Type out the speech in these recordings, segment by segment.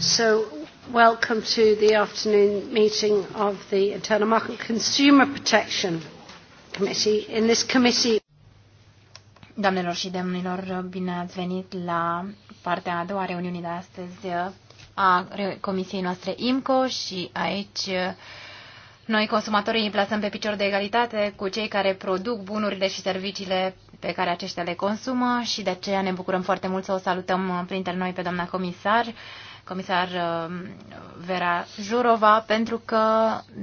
So, welcome to the afternoon meeting of the Internal Market Consumer Protection Committee. In this committee... Doamnelor și domnilor, bine ați venit la partea a doua a reuniunii de astăzi a comisiei noastre IMCO și aici uh, noi, consumatorii, îi plasăm pe picior de egalitate cu cei care produc bunurile și serviciile pe care aceștia le consumă și de aceea ne bucurăm foarte mult să o salutăm uh, printre noi pe doamna comisar comisar um, Vera Jurova, pentru că,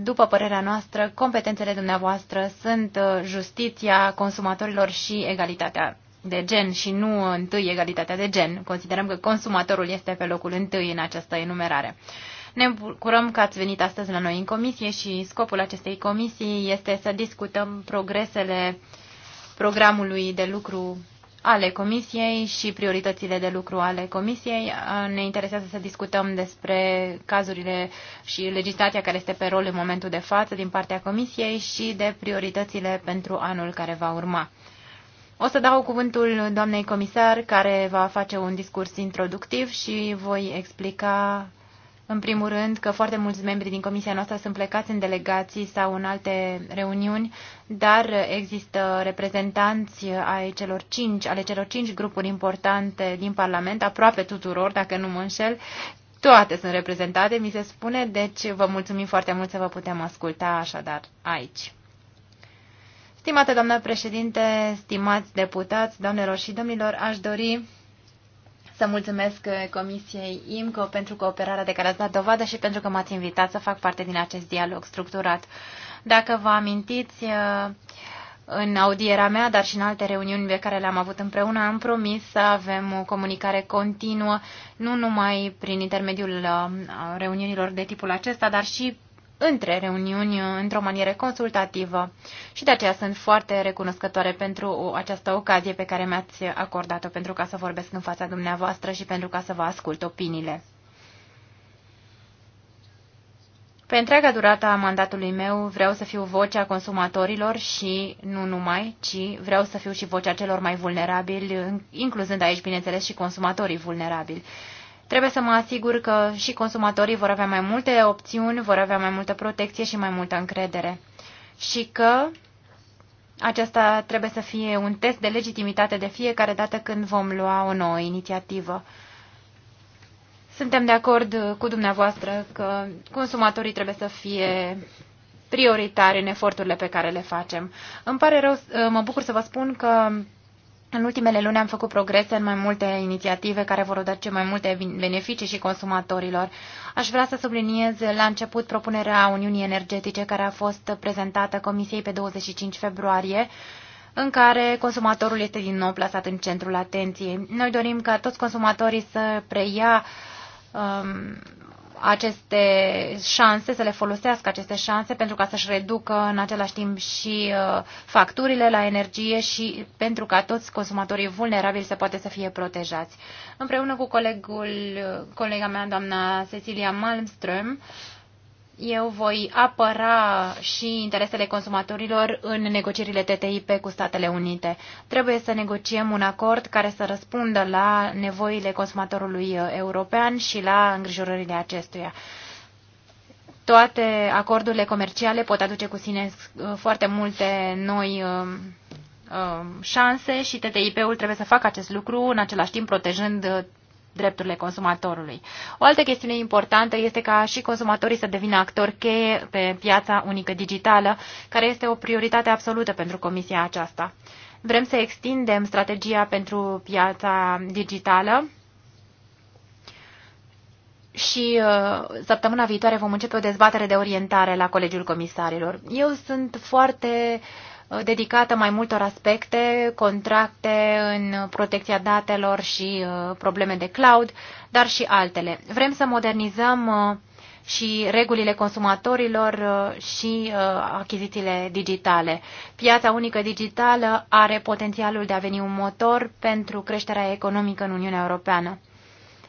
după părerea noastră, competențele dumneavoastră sunt uh, justiția consumatorilor și egalitatea de gen și nu întâi egalitatea de gen. Considerăm că consumatorul este pe locul întâi în această enumerare. Ne bucurăm că ați venit astăzi la noi în comisie și scopul acestei comisii este să discutăm progresele programului de lucru ale Comisiei și prioritățile de lucru ale Comisiei. Ne interesează să discutăm despre cazurile și legislația care este pe rol în momentul de față din partea Comisiei și de prioritățile pentru anul care va urma. O să dau cuvântul doamnei comisar care va face un discurs introductiv și voi explica în primul rând că foarte mulți membri din comisia noastră sunt plecați în delegații sau în alte reuniuni, dar există reprezentanți ai celor cinci, ale celor cinci grupuri importante din Parlament, aproape tuturor, dacă nu mă înșel, toate sunt reprezentate, mi se spune, deci vă mulțumim foarte mult să vă putem asculta așadar aici. Stimată doamnă președinte, stimați deputați, doamnelor și domnilor, aș dori să mulțumesc uh, Comisiei IMCO pentru cooperarea de care ați dat dovadă și pentru că m-ați invitat să fac parte din acest dialog structurat. Dacă vă amintiți, uh, în audiera mea, dar și în alte reuniuni pe care le-am avut împreună, am promis să avem o comunicare continuă, nu numai prin intermediul uh, reuniunilor de tipul acesta, dar și între reuniuni într-o manieră consultativă și de aceea sunt foarte recunoscătoare pentru această ocazie pe care mi-ați acordat-o pentru ca să vorbesc în fața dumneavoastră și pentru ca să vă ascult opiniile. Pe întreaga durată a mandatului meu vreau să fiu vocea consumatorilor și nu numai, ci vreau să fiu și vocea celor mai vulnerabili, incluzând aici, bineînțeles, și consumatorii vulnerabili. Trebuie să mă asigur că și consumatorii vor avea mai multe opțiuni, vor avea mai multă protecție și mai multă încredere. Și că acesta trebuie să fie un test de legitimitate de fiecare dată când vom lua o nouă inițiativă. Suntem de acord cu dumneavoastră că consumatorii trebuie să fie prioritari în eforturile pe care le facem. Îmi pare rău, mă bucur să vă spun că în ultimele luni am făcut progrese în mai multe inițiative care vor aduce mai multe beneficii și consumatorilor. Aș vrea să subliniez la început propunerea Uniunii Energetice care a fost prezentată Comisiei pe 25 februarie în care consumatorul este din nou plasat în centrul atenției. Noi dorim ca toți consumatorii să preia um, aceste șanse, să le folosească aceste șanse pentru ca să-și reducă în același timp și uh, facturile la energie și pentru ca toți consumatorii vulnerabili să poată să fie protejați. Împreună cu colegul, uh, colega mea, doamna Cecilia Malmström, eu voi apăra și interesele consumatorilor în negocierile TTIP cu Statele Unite. Trebuie să negociem un acord care să răspundă la nevoile consumatorului uh, european și la îngrijorările acestuia. Toate acordurile comerciale pot aduce cu sine uh, foarte multe noi uh, șanse și TTIP-ul trebuie să facă acest lucru, în același timp protejând drepturile consumatorului. O altă chestiune importantă este ca și consumatorii să devină actori cheie pe piața unică digitală, care este o prioritate absolută pentru comisia aceasta. Vrem să extindem strategia pentru piața digitală și uh, săptămâna viitoare vom începe o dezbatere de orientare la Colegiul Comisarilor. Eu sunt foarte uh, Uh, dedicată mai multor aspecte, contracte în protecția datelor și uh, probleme de cloud, dar și altele. Vrem să modernizăm uh, și regulile consumatorilor și achizițiile digitale. Piața unică digitală are potențialul de a veni un motor pentru creșterea economică în Uniunea Europeană.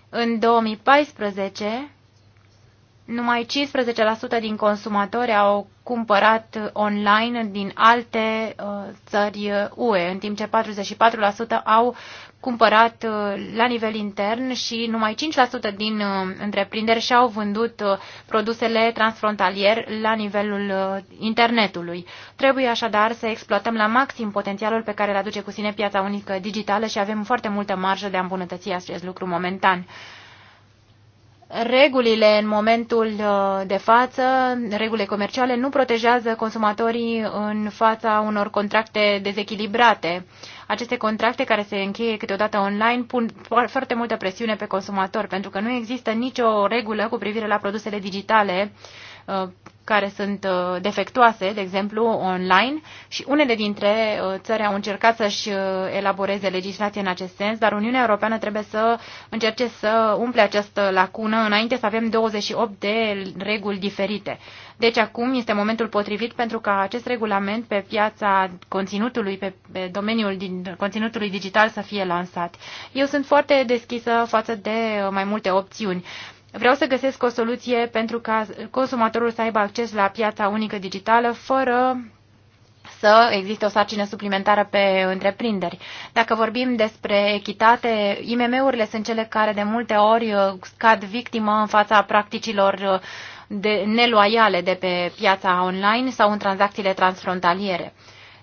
În 2014, numai 15% din consumatori au cumpărat online din alte uh, țări UE, uh, în timp ce 44% au cumpărat uh, la nivel intern și numai 5% din întreprinderi și-au vândut produsele transfrontalier la nivelul internetului. Trebuie așadar să exploatăm la maxim potențialul pe care îl aduce cu sine piața unică digitală și avem foarte multă marjă de a îmbunătăți acest lucru momentan. Regulile în momentul uh, de față, regulile comerciale, nu protejează consumatorii în fața unor contracte dezechilibrate. Aceste contracte care se încheie câteodată online pun foarte multă presiune pe consumator, pentru că nu există nicio regulă cu privire la produsele digitale uh, care sunt uh, defectuoase, de exemplu, online și unele dintre uh, țări au încercat să-și uh, elaboreze legislație în acest sens, dar Uniunea Europeană trebuie să încerce să umple această lacună înainte să avem 28 de reguli diferite. Deci acum este momentul potrivit pentru ca acest regulament pe piața conținutului, pe, pe domeniul din conținutului digital să fie lansat. Eu sunt foarte deschisă față de mai multe opțiuni. Vreau să găsesc o soluție pentru ca consumatorul să aibă acces la piața unică digitală fără să existe o sarcină suplimentară pe întreprinderi. Dacă vorbim despre echitate, IMM-urile sunt cele care de multe ori uh, scad victimă în fața practicilor uh, de neloiale de pe piața online sau în tranzacțiile transfrontaliere.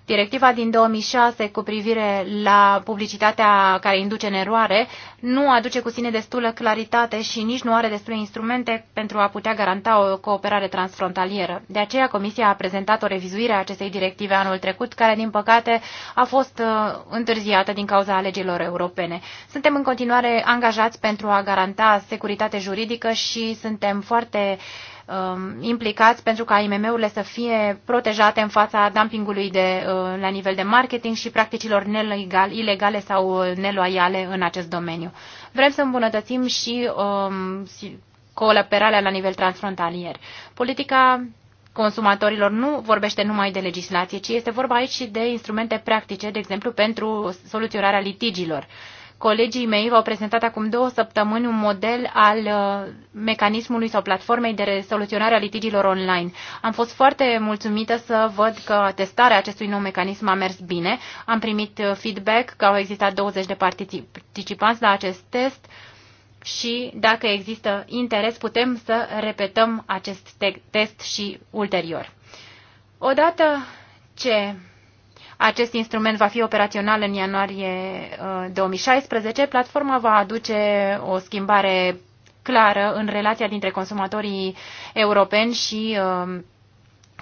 Directiva din 2006 cu privire la publicitatea care induce în eroare nu aduce cu sine destulă claritate și nici nu are destule instrumente pentru a putea garanta o cooperare transfrontalieră. De aceea Comisia a prezentat o revizuire a acestei directive anul trecut, care din păcate a fost uh, întârziată din cauza alegerilor europene. Suntem în continuare angajați pentru a garanta securitate juridică și suntem foarte uh, um, implicați pentru ca IMM-urile să fie protejate în fața dumpingului de, uh, la nivel de marketing și practicilor nelegal, ilegale sau uh, neloiale în acest domeniu. Vrem să îmbunătățim și um, cooperarea la nivel transfrontalier. Politica consumatorilor nu vorbește numai de legislație, ci este vorba aici și de instrumente practice, de exemplu, pentru soluționarea litigilor. Uh, Colegii mei v-au prezentat acum două săptămâni un model al uh, mecanismului sau platformei de soluționare a litigilor online. Am fost foarte mulțumită să văd că testarea acestui nou mecanism a mers bine. Am primit uh, feedback că au existat 20 de participanți la acest test și dacă există interes putem să repetăm acest test și ulterior. Odată ce acest instrument va fi operațional în ianuarie 2016. Uh, Platforma va aduce o schimbare clară în relația dintre consumatorii europeni și uh,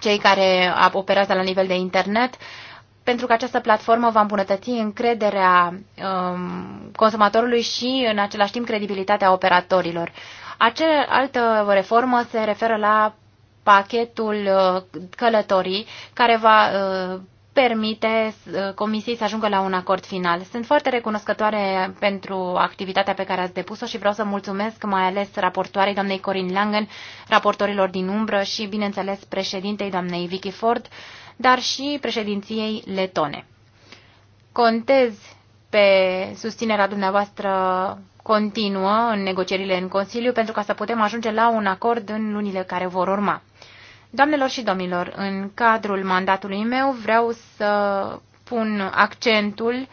cei care operează la nivel de internet pentru că această platformă va îmbunătăți încrederea um, consumatorului și, în același timp, credibilitatea operatorilor. Acea altă reformă se referă la pachetul uh, călătorii, care va permite uh, Comisiei să ajungă la un acord final. Sunt foarte recunoscătoare pentru activitatea pe care ați depus-o și vreau să mulțumesc mai ales raportoarei doamnei Corin Langen, raportorilor din umbră și, bineînțeles, președintei doamnei Vicky Ford, dar și președinției letone. Contez pe susținerea dumneavoastră continuă în negocierile în Consiliu pentru ca să putem ajunge la un acord în lunile care vor urma. Doamnelor și domnilor, în cadrul mandatului meu vreau să pun accentul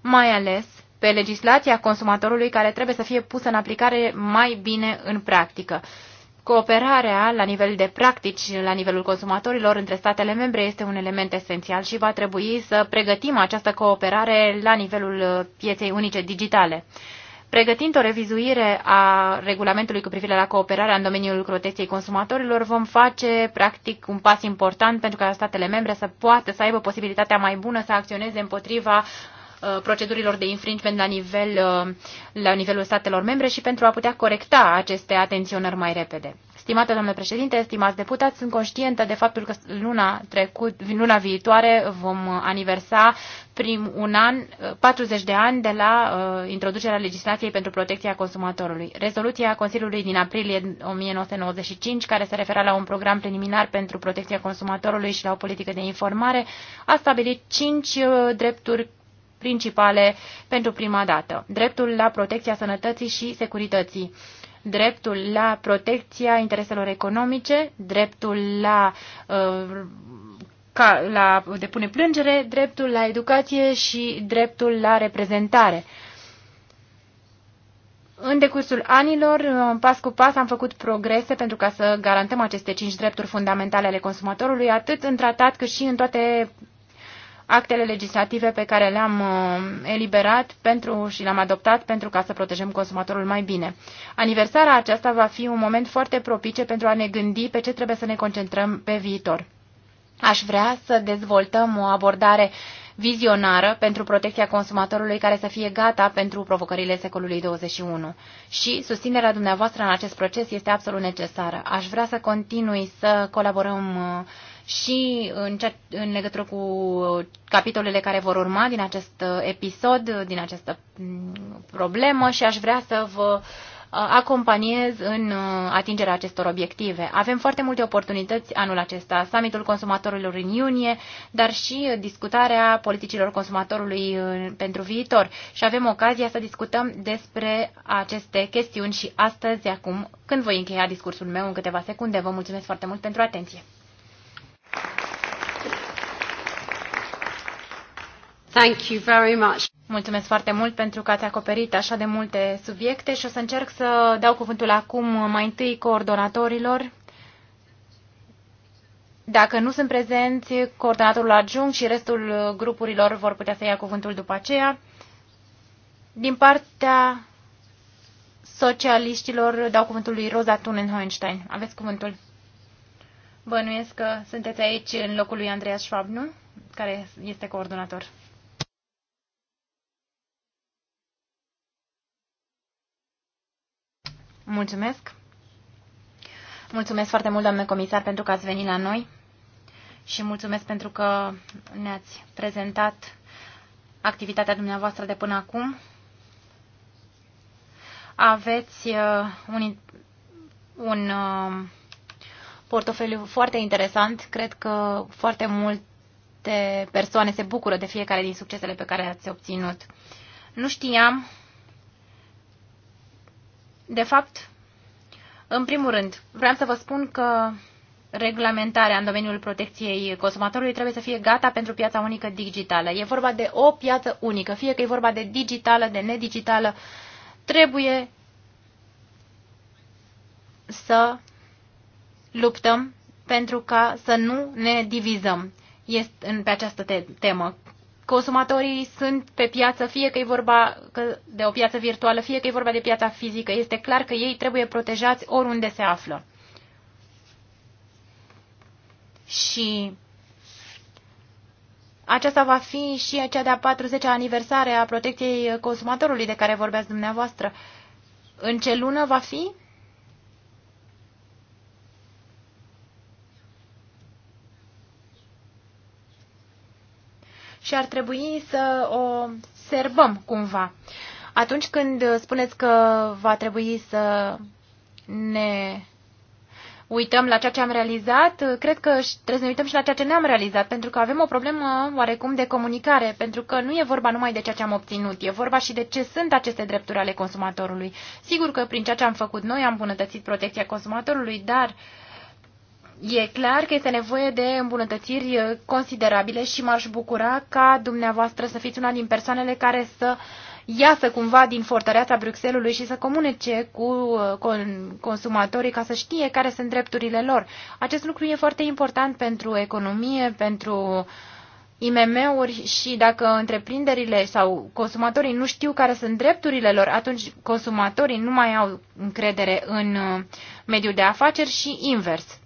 mai ales pe legislația consumatorului care trebuie să fie pusă în aplicare mai bine în practică. Cooperarea la nivel de practici, la nivelul consumatorilor între statele membre este un element esențial și va trebui să pregătim această cooperare la nivelul pieței unice digitale. Pregătind o revizuire a regulamentului cu privire la cooperarea în domeniul protecției consumatorilor, vom face practic un pas important pentru ca statele membre să poată să aibă posibilitatea mai bună să acționeze împotriva Uh, procedurilor de infringement la, nivel, uh, la nivelul statelor membre și pentru a putea corecta aceste atenționări mai repede. Stimată domnule președinte, stimați deputați, sunt conștientă de faptul că luna, trecut, luna viitoare vom aniversa prim un an, 40 uh, de ani de la uh, introducerea legislației pentru protecția consumatorului. Rezoluția Consiliului din aprilie 1995, care se referă la un program preliminar pentru protecția consumatorului și la o politică de informare, a stabilit cinci uh, drepturi principale pentru prima dată. Dreptul la protecția sănătății și securității dreptul la protecția intereselor economice, dreptul la, uh, ca, la depune plângere, dreptul la educație și dreptul la reprezentare. În decursul anilor, pas cu pas, am făcut progrese pentru ca să garantăm aceste cinci drepturi fundamentale ale consumatorului, atât în tratat cât și în toate actele legislative pe care le-am uh, eliberat pentru, și le-am adoptat pentru ca să protejăm consumatorul mai bine. Aniversarea aceasta va fi un moment foarte propice pentru a ne gândi pe ce trebuie să ne concentrăm pe viitor. Aș vrea să dezvoltăm o abordare vizionară pentru protecția consumatorului care să fie gata pentru provocările secolului 21. Și susținerea dumneavoastră în acest proces este absolut necesară. Aș vrea să continui să colaborăm uh, și în, ce, în legătură cu capitolele care vor urma din acest uh, episod, din această mm, problemă și aș vrea să vă uh, acompaniez în uh, atingerea acestor obiective. Avem foarte multe oportunități anul acesta, summitul consumatorilor în iunie, dar și discutarea politicilor consumatorului pentru viitor. Și avem ocazia să discutăm despre aceste chestiuni și astăzi, acum, când voi încheia discursul meu în câteva secunde. Vă mulțumesc foarte mult pentru atenție. Thank you very much. Mulțumesc foarte mult pentru că ați acoperit așa de multe subiecte și o să încerc să dau cuvântul acum mai întâi coordonatorilor. Dacă nu sunt prezenți, coordonatorul adjunct și restul grupurilor vor putea să ia cuvântul după aceea. Din partea socialiștilor dau cuvântul lui Rosa Tunenhoenstein. Aveți cuvântul. Bănuiesc că sunteți aici în locul lui Andreas Schwab, nu? Care este coordonator. Mulțumesc. Mulțumesc foarte mult, doamne comisar, pentru că ați venit la noi și mulțumesc pentru că ne-ați prezentat activitatea dumneavoastră de până acum. Aveți uh, un, un uh, portofoliu foarte interesant. Cred că foarte multe persoane se bucură de fiecare din succesele pe care le-ați obținut. Nu știam, de fapt, în primul rând, vreau să vă spun că reglementarea în domeniul protecției consumatorului trebuie să fie gata pentru piața unică digitală. E vorba de o piață unică, fie că e vorba de digitală, de nedigitală, trebuie să luptăm pentru ca să nu ne divizăm este în, pe această te- temă. Consumatorii sunt pe piață, fie că e vorba de o piață virtuală, fie că e vorba de piața fizică. Este clar că ei trebuie protejați oriunde se află. Și aceasta va fi și acea de-a 40-a aniversare a protecției consumatorului de care vorbeați dumneavoastră. În ce lună va fi? și ar trebui să o serbăm cumva. Atunci când spuneți că va trebui să ne uităm la ceea ce am realizat, cred că trebuie să ne uităm și la ceea ce ne-am realizat, pentru că avem o problemă oarecum de comunicare, pentru că nu e vorba numai de ceea ce am obținut, e vorba și de ce sunt aceste drepturi ale consumatorului. Sigur că prin ceea ce am făcut noi am bunătățit protecția consumatorului, dar uh, E clar că este nevoie de îmbunătățiri uh, considerabile și m-aș bucura ca dumneavoastră să fiți una din persoanele care să iasă cumva din fortăreața Bruxelului și să comunice cu uh, consumatorii ca să știe care sunt drepturile lor. Acest lucru e foarte important pentru economie, pentru IMM-uri și dacă întreprinderile sau consumatorii nu știu care sunt drepturile lor, atunci consumatorii nu mai au încredere în uh, mediul de afaceri și invers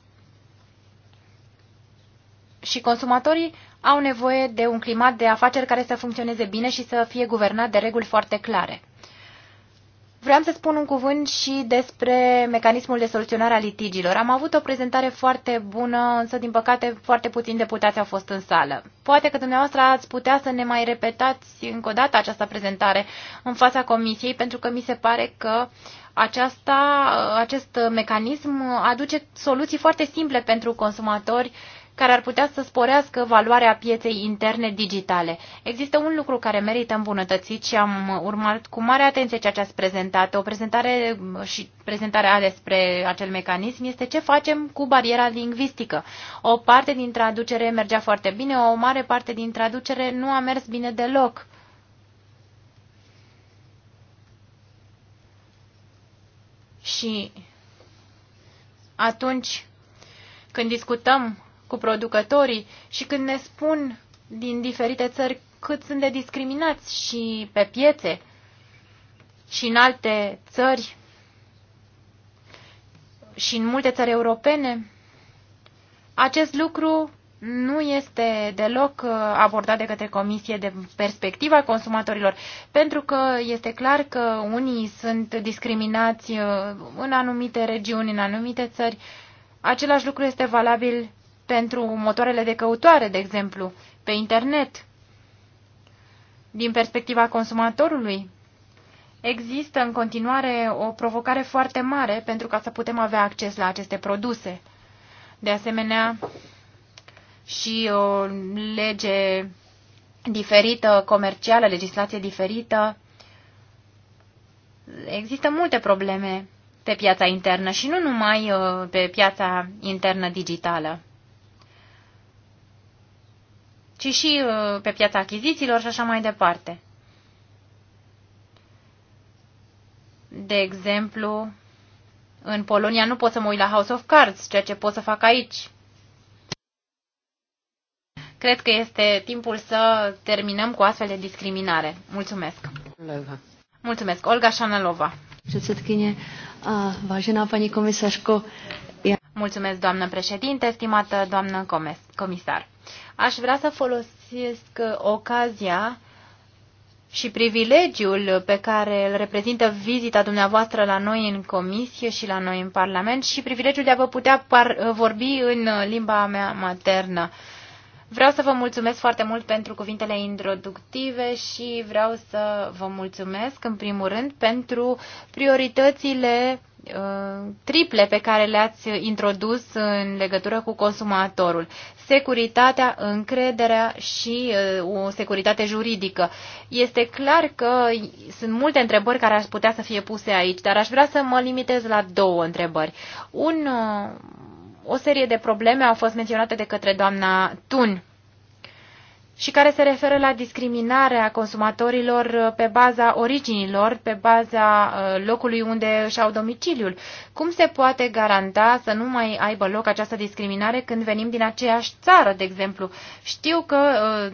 și consumatorii au nevoie de un climat de afaceri care să funcționeze bine și să fie guvernat de reguli foarte clare. Vreau să spun un cuvânt și despre mecanismul de soluționare a litigilor. Am avut o prezentare foarte bună, însă, din păcate, foarte puțini deputați au fost în sală. Poate că dumneavoastră ați putea să ne mai repetați încă o dată această prezentare în fața comisiei, pentru că mi se pare că aceasta, acest mecanism aduce soluții foarte simple pentru consumatori uh, care ar putea să sporească valoarea pieței interne digitale. Există un lucru care merită îmbunătățit și am urmat cu mare atenție ceea ce ați prezentat. O prezentare și prezentarea despre acel mecanism este ce facem cu bariera lingvistică. O parte din traducere mergea foarte bine, o mare parte din traducere nu a mers bine deloc. Și atunci când discutăm cu producătorii și când ne spun din diferite țări cât sunt de discriminați și pe piețe și în alte țări și în multe țări europene, acest lucru nu este deloc uh, abordat de către Comisie de perspectiva consumatorilor, pentru că este clar că unii sunt discriminați uh, în anumite regiuni, în anumite țări. Același lucru este valabil pentru motoarele de căutoare, de exemplu, pe internet. Din perspectiva consumatorului, există în continuare o provocare foarte mare pentru ca să putem avea acces la aceste produse. De asemenea, și o lege diferită, comercială, legislație diferită. Există multe probleme pe piața internă și nu numai uh, pe piața internă digitală ci și uh, pe piața achizițiilor și așa mai departe. De exemplu, în Polonia nu pot să mă uit la House of Cards, ceea ce pot să fac aici. Cred că este timpul să terminăm cu astfel de discriminare. Mulțumesc. Leva. Mulțumesc. Olga Șanalova. Předsedkyně, a vážená Mulțumesc, doamnă președinte, stimată doamnă comisar. Aș vrea să folosesc ocazia și privilegiul pe care îl reprezintă vizita dumneavoastră la noi în comisie și la noi în Parlament și privilegiul de a vă putea vorbi în limba mea maternă. Vreau să vă mulțumesc foarte mult pentru cuvintele introductive și vreau să vă mulțumesc, în primul rând, pentru prioritățile Uh, triple pe care le-ați introdus în legătură cu consumatorul. Securitatea, încrederea și uh, o securitate juridică. Este clar că sunt multe întrebări care ar putea să fie puse aici, dar aș vrea să mă limitez la două întrebări. Un, uh, o serie de probleme au fost menționate de către doamna Tun și care se referă la discriminarea consumatorilor uh, pe baza originilor, pe baza uh, locului unde își au domiciliul. Cum se poate garanta să nu mai aibă loc această discriminare când venim din aceeași țară, de exemplu? Știu că, uh,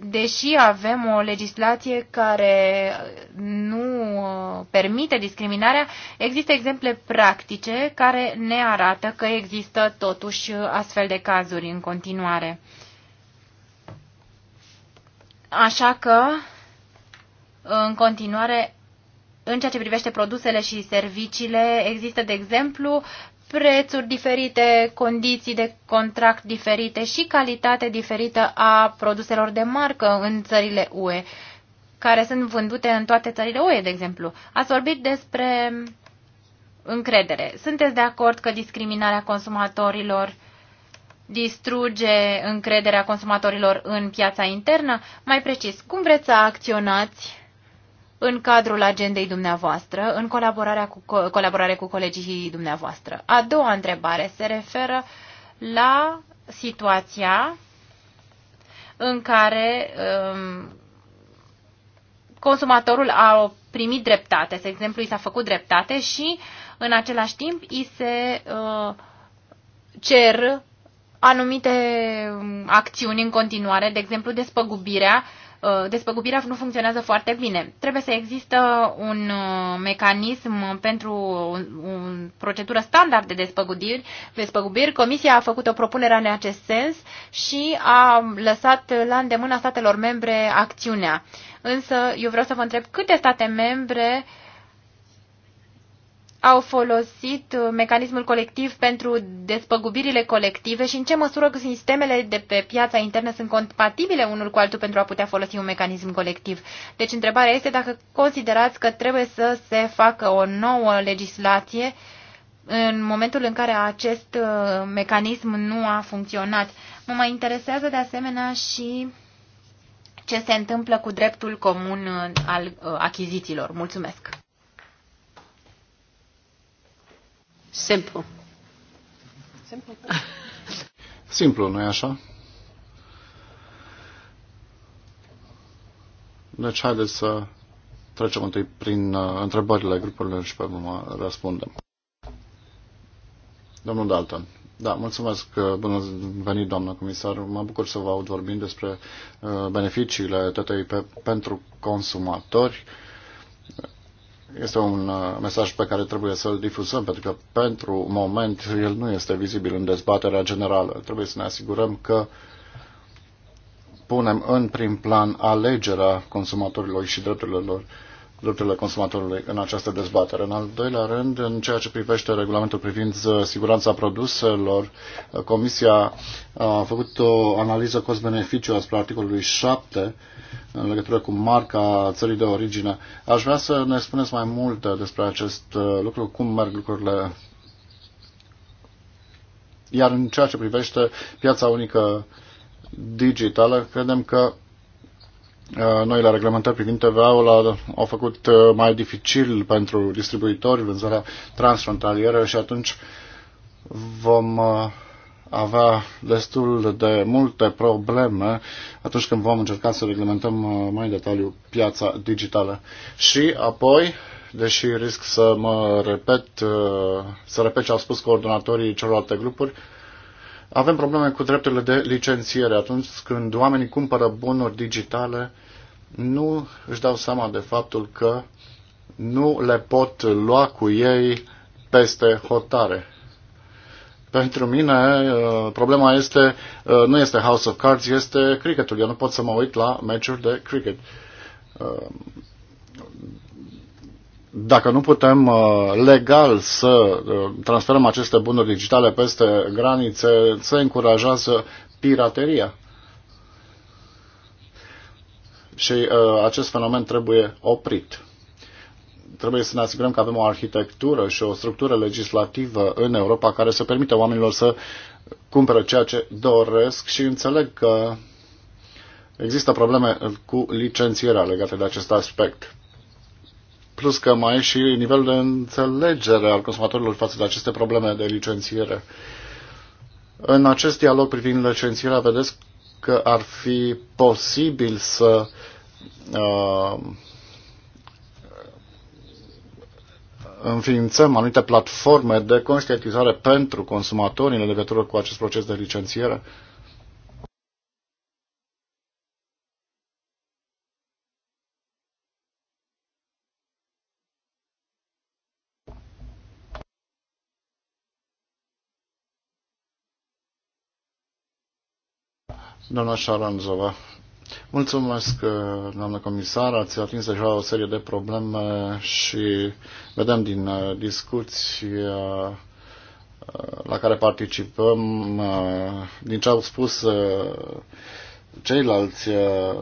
deși avem o legislație care nu permite discriminarea, există exemple practice care ne arată că există totuși astfel de cazuri în continuare. Așa că, în continuare, în ceea ce privește produsele și serviciile, există, de exemplu, prețuri diferite, condiții de contract diferite și calitate diferită a produselor de marcă în țările UE, care sunt vândute în toate țările UE, de exemplu. Ați vorbit despre încredere. Sunteți de acord că discriminarea consumatorilor distruge încrederea consumatorilor în piața internă? Mai precis, cum vreți să acționați în cadrul agendei dumneavoastră, în colaborarea cu, co colaborare cu colegii dumneavoastră? A doua întrebare se referă la situația în care um, consumatorul a primit dreptate, de exemplu, i s-a făcut dreptate și în același timp i se uh, cer anumite um, acțiuni în continuare, de exemplu despăgubirea, uh, despăgubirea nu funcționează foarte bine. Trebuie să există un uh, mecanism pentru o procedură standard de despăgubiri. despăgubiri. Comisia a făcut o propunere în acest sens și a lăsat la îndemâna statelor membre acțiunea. Însă eu vreau să vă întreb câte state membre uh, au folosit uh, mecanismul colectiv pentru despăgubirile colective și în ce măsură sistemele de pe piața internă sunt compatibile unul cu altul pentru a putea folosi un mecanism colectiv. Deci întrebarea este dacă considerați că trebuie să se facă o nouă legislație în momentul în care acest uh, mecanism nu a funcționat. Mă mai interesează de asemenea și ce se întâmplă cu dreptul comun uh, al achizițiilor. Mulțumesc! Simplu. Simplu, nu-i așa? Deci haideți să trecem întâi prin uh, întrebările grupurilor și pe urmă răspundem. Domnul Dalton. Da, mulțumesc. Uh, bună venit, doamnă comisar. Mă bucur să vă aud vorbind despre uh, beneficiile TTIP pentru consumatori este un uh, mesaj pe care trebuie să-l difuzăm, pentru că pentru moment el nu este vizibil în dezbaterea generală. Trebuie să ne asigurăm că punem în prim plan alegerea consumatorilor și drepturile lor drepturile consumatorului în această dezbatere. În al doilea rând, în ceea ce privește regulamentul privind uh, siguranța produselor, uh, Comisia a făcut o analiză cost-beneficiu asupra articolului 7 în legătură cu marca țării de origine. Aș vrea să ne spuneți mai multe despre acest uh, lucru, cum merg lucrurile. Iar în ceea ce privește piața unică digitală, credem că Uh, noile reglementări privind TVA-ul au făcut uh, mai dificil pentru distribuitori vânzarea transfrontalieră și atunci vom uh, avea destul de multe probleme atunci când vom încerca să reglementăm mai în detaliu piața digitală. Și apoi, deși risc să mă repet, să repet ce au spus coordonatorii celorlalte grupuri, avem probleme cu drepturile de licențiere. Atunci când oamenii cumpără bunuri digitale, nu își dau seama de faptul că nu le pot lua cu ei peste hotare. Pentru mine, uh, problema este, uh, nu este House of Cards, este cricketul. Eu nu pot să mă uit la meciuri de cricket. Uh, dacă nu putem uh, legal să uh, transferăm aceste bunuri digitale peste granițe, se încurajează pirateria. Și uh, acest fenomen trebuie oprit. Trebuie să ne asigurăm că avem o arhitectură și o structură legislativă în Europa care să permită oamenilor să cumpere ceea ce doresc și înțeleg că există probleme cu licențierea legate de acest aspect Plus că mai e și nivelul de înțelegere al consumatorilor față de aceste probleme de licențiere. În acest dialog privind licențierea, vedeți că ar fi posibil să uh, înființăm anumite platforme de conștientizare pentru consumatori în legătură cu acest proces de licențiere. Uh, Doamna Șaranzova, mulțumesc, uh, doamnă comisar, ați atins deja o serie de probleme și vedem din uh, discuția uh, la care participăm, din ce au spus ceilalți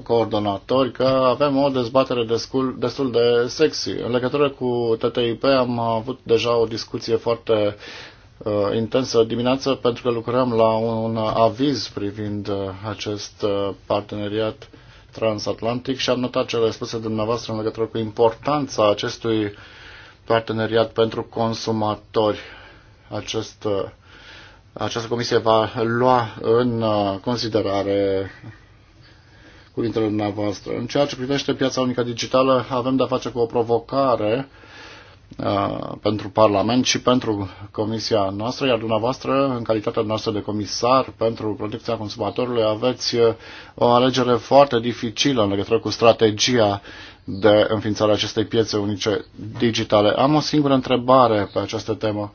coordonatori, că avem o dezbatere destul, destul de sexy. În legătură cu TTIP am avut deja o discuție foarte uh, intensă dimineață pentru că lucrăm la un, un aviz privind uh, acest uh, parteneriat transatlantic și am notat cele spuse de dumneavoastră în legătură cu importanța acestui parteneriat pentru consumatori. Acest, uh, această comisie va lua în uh, considerare cuvintele dumneavoastră. În ceea ce privește piața unică digitală, avem de-a face cu o provocare uh, Uh, pentru Parlament și pentru Comisia noastră, iar dumneavoastră, în calitatea noastră de comisar pentru protecția consumatorului, aveți uh, o alegere foarte dificilă în legătură cu strategia de înființare a acestei piețe unice digitale. Am o singură întrebare pe această temă.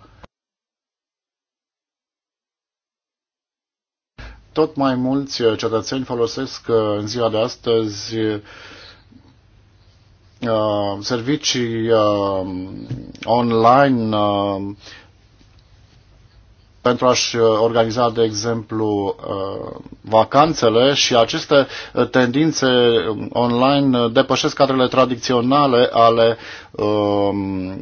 Tot mai mulți cetățeni folosesc uh, în ziua de astăzi Uh, servicii uh, online uh, pentru a-și uh, organiza, de exemplu, uh, vacanțele și aceste tendințe um, online depășesc cadrele tradiționale ale um,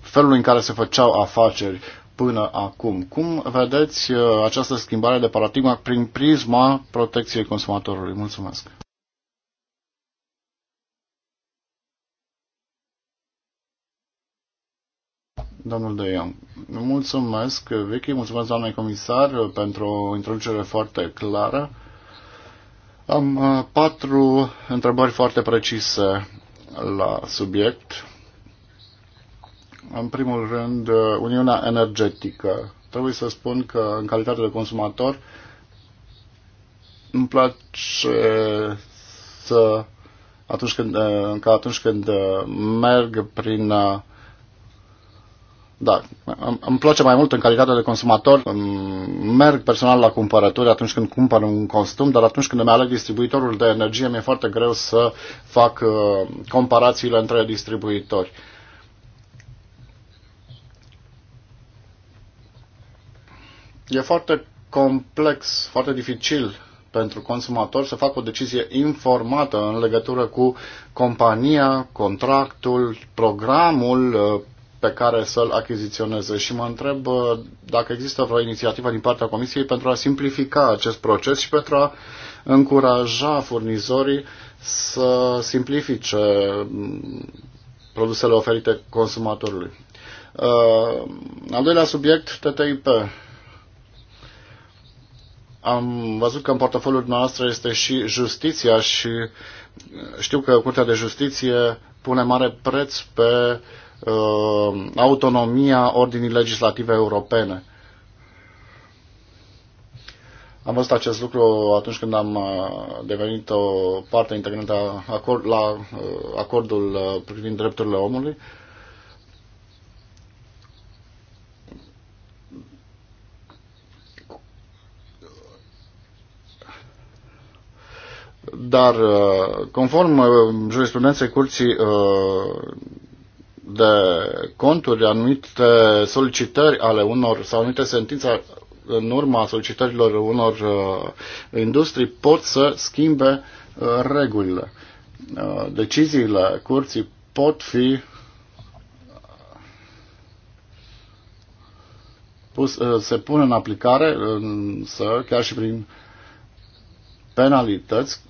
felului în care se făceau afaceri până acum. Cum vedeți această schimbare de paradigma prin prisma protecției consumatorului? Mulțumesc! Domnul De Jong. Mulțumesc, Vicky, mulțumesc, doamne comisar, pentru o introducere foarte clară. Am uh, patru întrebări foarte precise la subiect. În primul rând, uh, Uniunea Energetică. Trebuie să spun că, în calitate de consumator, îmi place să atunci când, uh, ca atunci când merg prin da, îmi place mai mult în calitate de consumator. Merg personal la cumpărături atunci când cumpăr un costum, dar atunci când îmi aleg distribuitorul de energie, mi-e foarte greu să fac uh, comparațiile între distribuitori. E foarte complex, foarte dificil pentru consumator să facă o decizie informată în legătură cu compania, contractul, programul uh, pe care să-l achiziționeze. Și mă întreb uh, dacă există vreo inițiativă din partea Comisiei pentru a simplifica acest proces și pentru a încuraja furnizorii să simplifice mm, produsele oferite consumatorului. Uh, al doilea subiect, TTIP. Am văzut că în portofoliul noastră este și justiția și știu că Curtea de Justiție pune mare preț pe uh, Uh, autonomia ordinii legislative europene. Am văzut acest lucru atunci când am uh, devenit o parte integrantă acord, la uh, acordul privind drepturile omului. Dar, conform jurisprudenței Curții de conturi, anumite solicitări ale unor sau anumite sentințe în urma solicitărilor unor uh, industrii pot să schimbe uh, regulile. Uh, deciziile curții pot fi uh, pus, uh, se pun în aplicare, însă chiar și prin penalități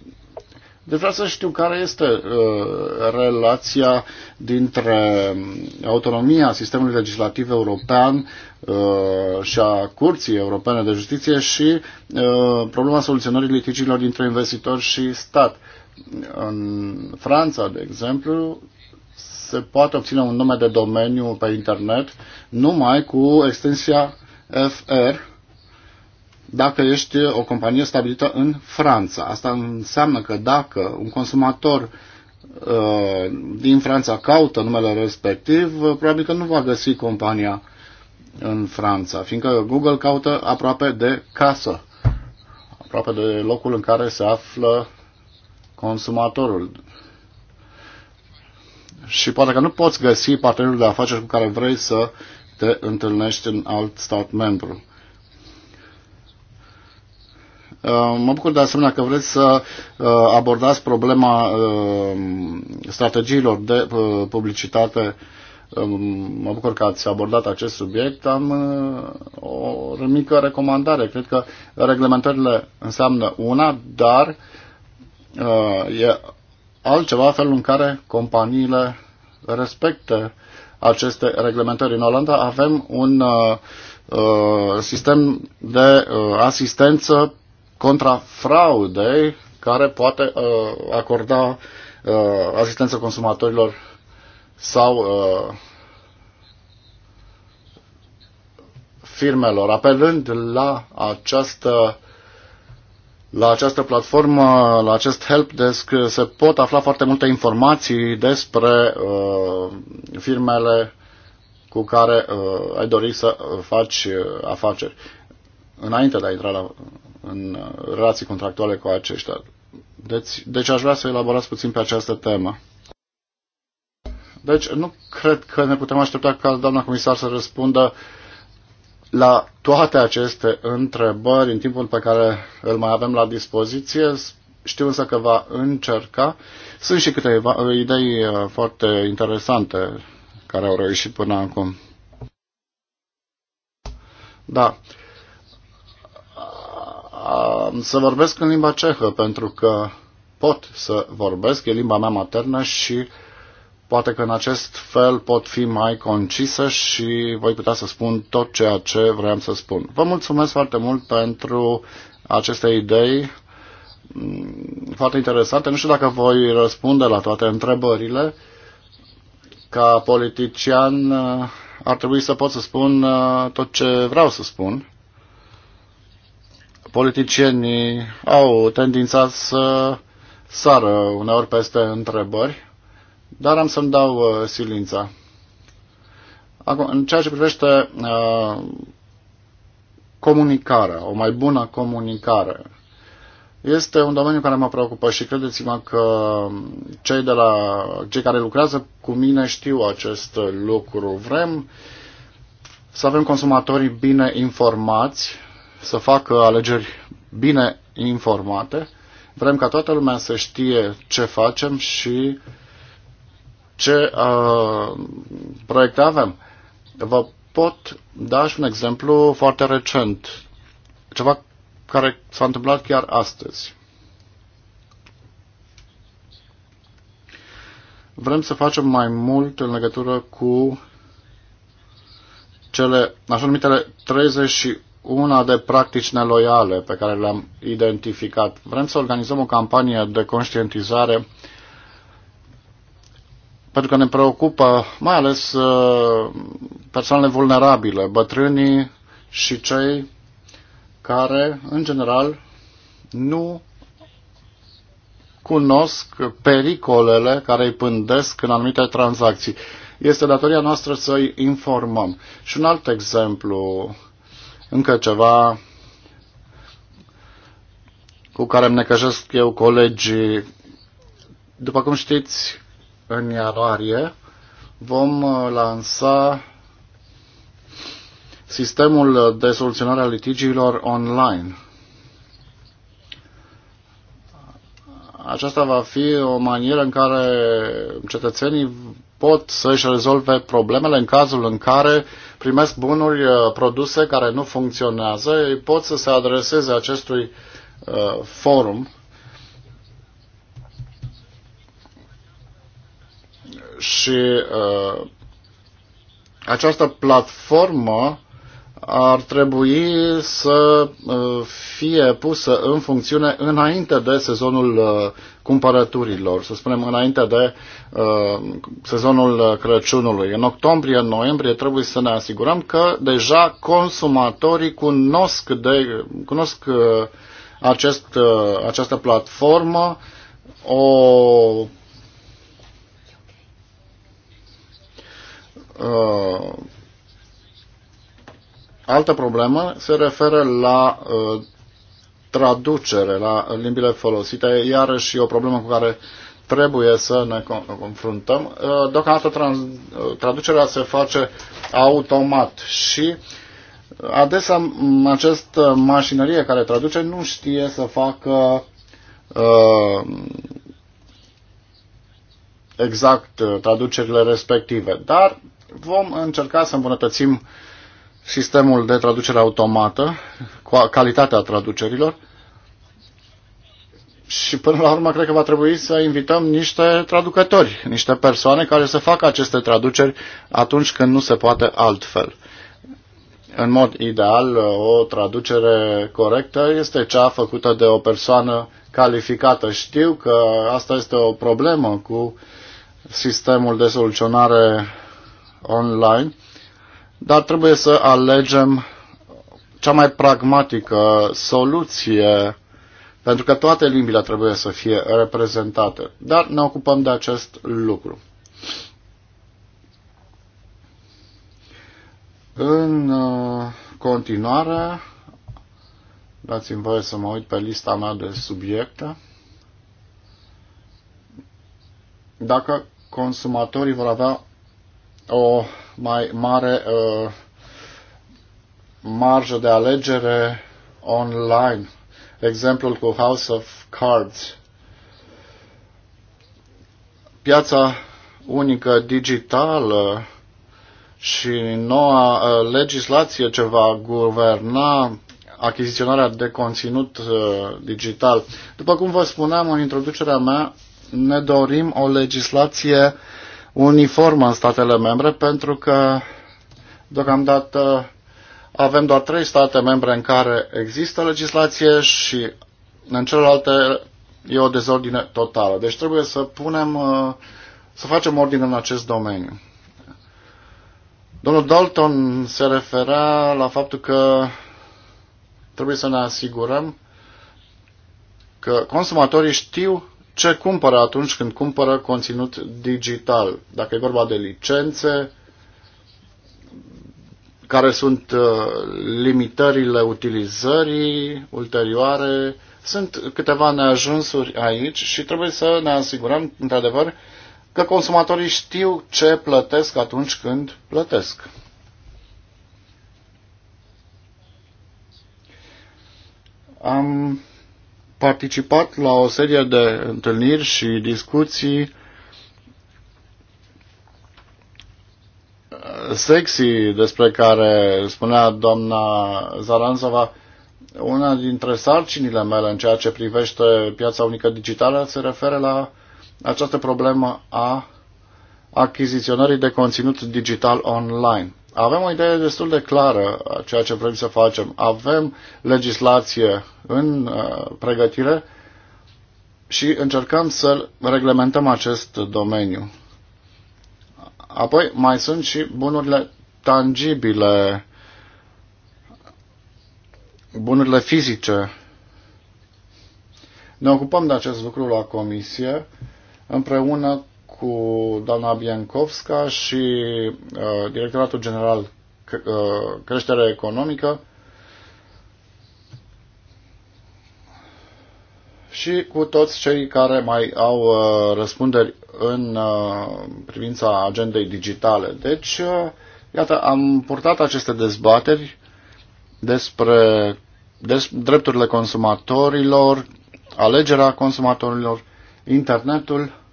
deci vreau să știu care este uh, relația dintre um, autonomia sistemului legislativ european uh, și a Curții Europene de Justiție și uh, problema soluționării litigiilor dintre investitori și stat. În Franța, de exemplu, se poate obține un nume de domeniu pe internet numai cu extensia FR dacă ești o companie stabilită în Franța. Asta înseamnă că dacă un consumator uh, din Franța caută numele respectiv, uh, probabil că nu va găsi compania în Franța, fiindcă Google caută aproape de casă, aproape de locul în care se află consumatorul. Și poate că nu poți găsi partenerul de afaceri cu care vrei să te întâlnești în alt stat membru. Uh, mă bucur de asemenea că vreți să uh, abordați problema uh, strategiilor de publicitate. Um, mă bucur că ați abordat acest subiect. Am o mică recomandare. Cred că reglementările înseamnă una, dar e altceva felul în care companiile respectă aceste reglementări. În Olanda avem un uh, sistem de uh, asistență contra fraudei care poate uh, acorda uh, asistență consumatorilor sau uh, firmelor, apelând la această la această platformă, la acest helpdesk, se pot afla foarte multe informații despre uh, firmele cu care uh, ai dori să faci uh, afaceri. Înainte de a intra la în uh, relații contractuale cu aceștia. Deci, deci aș vrea să elaborați puțin pe această temă. Deci nu cred că ne putem aștepta ca doamna comisar să răspundă la toate aceste întrebări în timpul pe care îl mai avem la dispoziție. Știu însă că va încerca. Sunt și câteva idei uh, foarte interesante care au reușit până acum. Da, să vorbesc în limba cehă, pentru că pot să vorbesc, e limba mea maternă și poate că în acest fel pot fi mai concisă și voi putea să spun tot ceea ce vreau să spun. Vă mulțumesc foarte mult pentru aceste idei mm, foarte interesante. Nu știu dacă voi răspunde la toate întrebările. Ca politician uh, ar trebui să pot să spun uh, tot ce vreau să spun politicienii au tendința să sară uneori peste întrebări, dar am să-mi dau uh, silința. Acum, în ceea ce privește uh, comunicarea, o mai bună comunicare, este un domeniu care mă preocupă și credeți-mă că cei, de la, cei care lucrează cu mine știu acest lucru. Vrem să avem consumatorii bine informați, să facă alegeri bine informate. Vrem ca toată lumea să știe ce facem și ce uh, proiecte avem. Vă pot da și un exemplu foarte recent, ceva care s-a întâmplat chiar astăzi. Vrem să facem mai mult în legătură cu cele așa numitele una de practici neloiale pe care le-am identificat. Vrem să organizăm o campanie de conștientizare pentru că ne preocupă mai ales uh, persoanele vulnerabile, bătrânii și cei care, în general, nu cunosc pericolele care îi pândesc în anumite tranzacții. Este datoria noastră să îi informăm. Și un alt exemplu încă ceva cu care îmi necăjesc eu colegii. După cum știți, în ianuarie vom uh, lansa sistemul de soluționare a litigiilor online. Aceasta va fi o manieră în care cetățenii pot să-și rezolve problemele în cazul în care uh, primesc bunuri, uh, produse care nu funcționează, ei pot să se adreseze acestui uh, forum și uh, această platformă ar trebui să fie pusă în funcțiune înainte de sezonul cumpărăturilor, să spunem înainte de uh, sezonul Crăciunului. În octombrie, în noiembrie trebuie să ne asigurăm că deja consumatorii cunosc, de, cunosc uh, acest, uh, această platformă, o uh, Altă problemă se referă la uh, traducere la limbile folosite, iarăși e o problemă cu care trebuie să ne confruntăm. Uh, deocamdată uh, traducerea se face automat și uh, adesea această mașinărie care traduce nu știe să facă exact traducerile respective, dar vom încerca să îmbunătățim uh, sistemul de traducere automată, calitatea traducerilor și până la urmă cred că va trebui să invităm niște traducători, niște persoane care să facă aceste traduceri atunci când nu se poate altfel. În mod ideal, o traducere corectă este cea făcută de o persoană calificată. Știu că asta este o problemă cu sistemul de soluționare online dar trebuie să alegem cea mai pragmatică soluție, pentru că toate limbile trebuie să fie reprezentate. Dar ne ocupăm de acest lucru. În uh, continuare, dați-mi voie să mă uit pe lista mea de subiecte. Dacă consumatorii vor avea o mai mare uh, marjă de alegere online. Exemplul cu House of Cards. Piața unică digitală și noua uh, legislație ce va guverna achiziționarea de conținut uh, digital. După cum vă spuneam în introducerea mea, ne dorim o legislație uh, uniformă în statele membre, pentru că deocamdată avem doar trei state membre în care există legislație și în celelalte e o dezordine totală. Deci trebuie să punem, uh, să facem ordine în acest domeniu. Domnul Dalton se referea la faptul că trebuie să ne asigurăm că consumatorii știu ce cumpără atunci când cumpără conținut digital. Dacă e vorba de licențe, care sunt uh, limitările utilizării ulterioare. Sunt câteva neajunsuri aici și trebuie să ne asigurăm, într-adevăr, că consumatorii știu ce plătesc atunci când plătesc. Am participat la o serie de întâlniri și discuții uh, sexy despre care spunea doamna Zaranzova, una dintre sarcinile mele în ceea ce privește piața unică digitală se referă la această problemă a achiziționării de conținut digital online avem o idee destul de clară a ceea ce vrem să facem. Avem legislație în uh, pregătire și încercăm să reglementăm acest domeniu. Apoi mai sunt și bunurile tangibile, bunurile fizice. Ne ocupăm de acest lucru la comisie împreună cu doamna Biancovska și uh, Directoratul General uh, Creștere Economică și cu toți cei care mai au uh, răspunderi în uh, privința agendei digitale. Deci, uh, iată, am purtat aceste dezbateri despre des, drepturile consumatorilor, alegerea consumatorilor, internetul,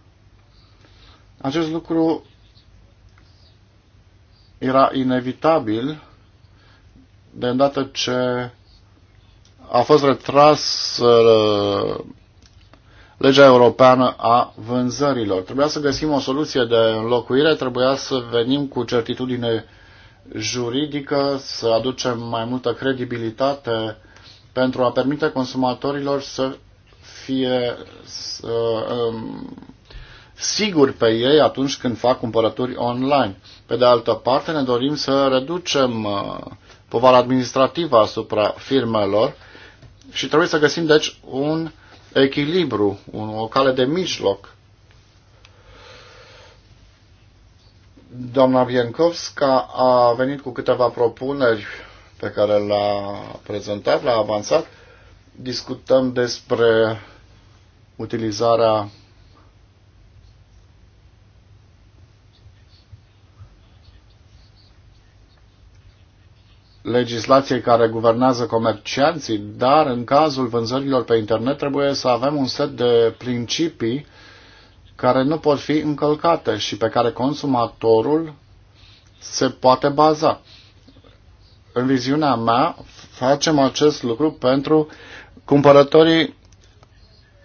acest lucru era inevitabil de îndată ce a fost retras uh, legea europeană a vânzărilor. Trebuia să găsim o soluție de înlocuire, trebuia să venim cu certitudine juridică, să aducem mai multă credibilitate pentru a permite consumatorilor să fie să, um, siguri pe ei atunci când fac cumpărături online. Pe de altă parte, ne dorim să reducem uh, povara administrativă asupra firmelor și trebuie să găsim, deci, un echilibru, o cale de mijloc. Doamna Vienkovska a venit cu câteva propuneri pe care le-a prezentat, le-a avansat. Discutăm despre utilizarea legislației care guvernează comercianții, dar în cazul vânzărilor pe internet trebuie să avem un set de principii care nu pot fi încălcate și pe care consumatorul se poate baza. În viziunea mea facem acest lucru pentru cumpărătorii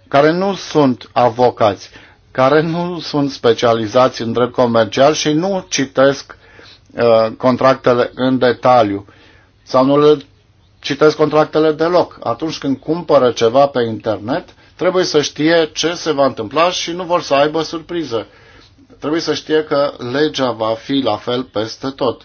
care nu sunt avocați, care nu sunt specializați în drept comercial și nu citesc uh, contractele în detaliu sau nu le citesc contractele deloc. Atunci când cumpără ceva pe internet, trebuie să știe ce se va întâmpla și nu vor să aibă surpriză. Trebuie să știe că legea va fi la fel peste tot.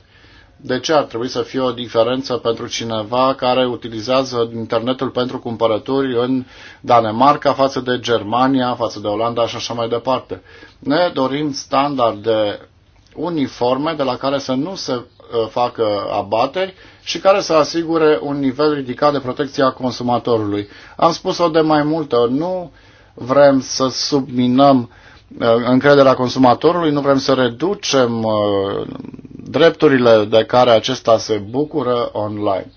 De ce ar trebui să fie o diferență pentru cineva care utilizează internetul pentru cumpărături în Danemarca față de Germania, față de Olanda și așa mai departe? Ne dorim standarde uniforme de la care să nu se Uh, facă abateri și care să asigure un nivel ridicat de protecție a consumatorului. Am spus-o de mai multă, nu vrem să subminăm uh, încrederea consumatorului, nu vrem să reducem uh, drepturile de care acesta se bucură online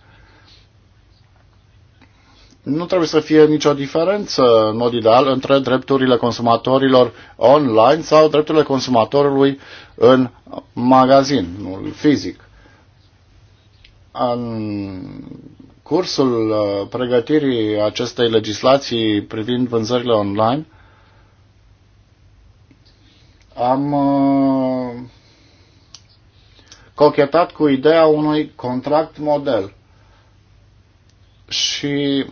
nu trebuie să fie nicio diferență, în mod ideal, între drepturile consumatorilor online sau drepturile consumatorului în magazin, fizic. În cursul uh, pregătirii acestei legislații privind vânzările online, am uh, cochetat cu ideea unui contract model. Și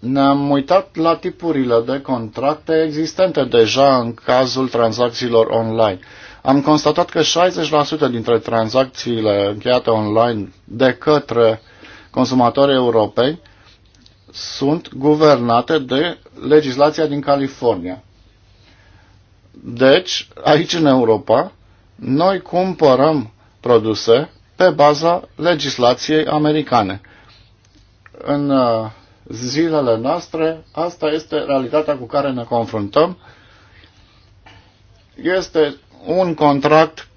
ne-am uitat la tipurile de contracte existente deja în cazul tranzacțiilor online. Am constatat că 60% dintre tranzacțiile încheiate online de către consumatori europei sunt guvernate de legislația din California. Deci, aici în Europa, noi cumpărăm produse pe baza legislației americane. În uh, zilele noastre. Asta este realitatea cu care ne confruntăm. Este un contract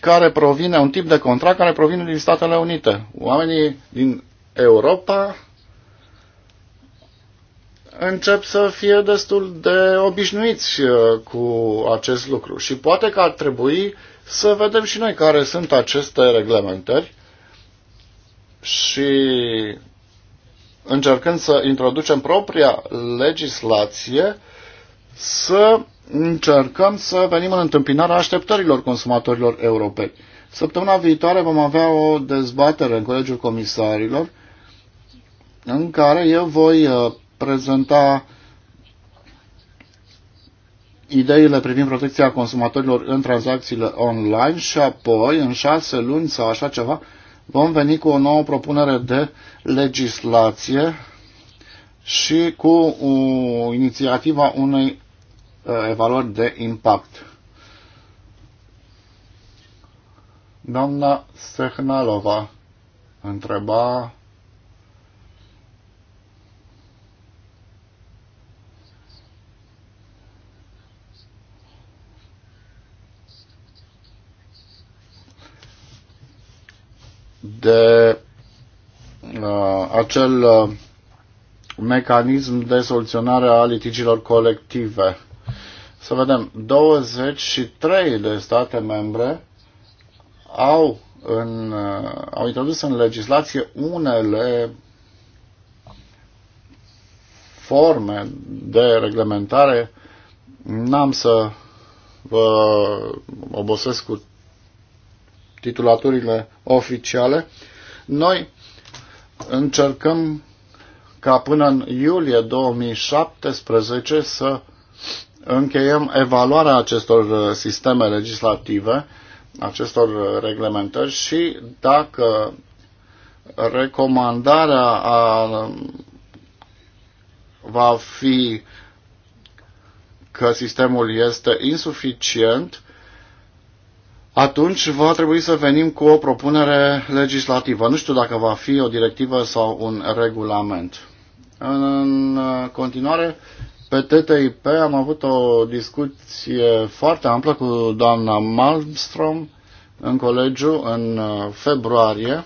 care provine, un tip de contract care provine din Statele Unite. Oamenii din Europa încep să fie destul de obișnuiți uh, cu acest lucru și poate că ar trebui să vedem și noi care sunt aceste reglementări și încercând să introducem propria legislație, să încercăm să venim în întâmpinarea așteptărilor consumatorilor europeni. Săptămâna viitoare vom avea o dezbatere în Colegiul Comisarilor în care eu voi uh, prezenta ideile privind protecția consumatorilor în tranzacțiile online și apoi, în șase luni sau așa ceva, vom veni cu o nouă propunere de legislație și cu o inițiativa unei uh, evaluări de impact. Doamna Sehnalova întreba de uh, acel uh, mecanism de soluționare a litigilor colective. Să vedem, 23 de state membre au, în, uh, au introdus în legislație unele forme de reglementare. N-am să vă obosesc cu titulaturile oficiale. Noi încercăm ca până în iulie 2017 să încheiem evaluarea acestor uh, sisteme legislative, acestor uh, reglementări și dacă recomandarea a, va fi că sistemul este insuficient, atunci va trebui să venim cu o propunere legislativă. Nu știu dacă va fi o directivă sau un regulament. În continuare, pe TTIP am avut o discuție foarte amplă cu doamna Malmström în colegiu în uh, februarie.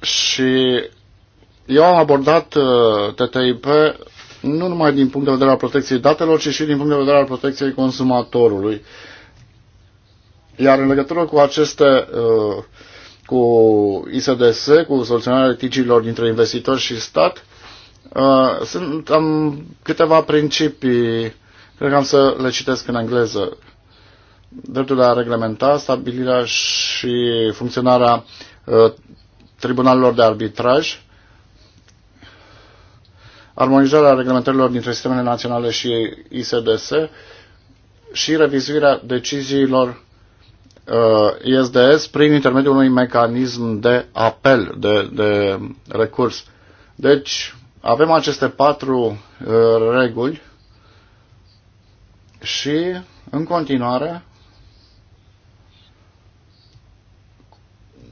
Și eu am abordat uh, TTIP nu numai din punct de vedere al protecției datelor, ci și din punct de vedere al protecției consumatorului. Iar în legătură cu aceste, uh, cu ISDS, cu soluționarea litigiilor dintre investitori și stat, uh, sunt, am câteva principii, cred că am să le citesc în engleză. Dreptul de a reglementa stabilirea și funcționarea uh, tribunalelor de arbitraj, armonizarea reglementărilor dintre sistemele naționale și ISDS și revizuirea deciziilor uh, ISDS prin intermediul unui mecanism de apel, de, de recurs. Deci, avem aceste patru uh, reguli și, în continuare,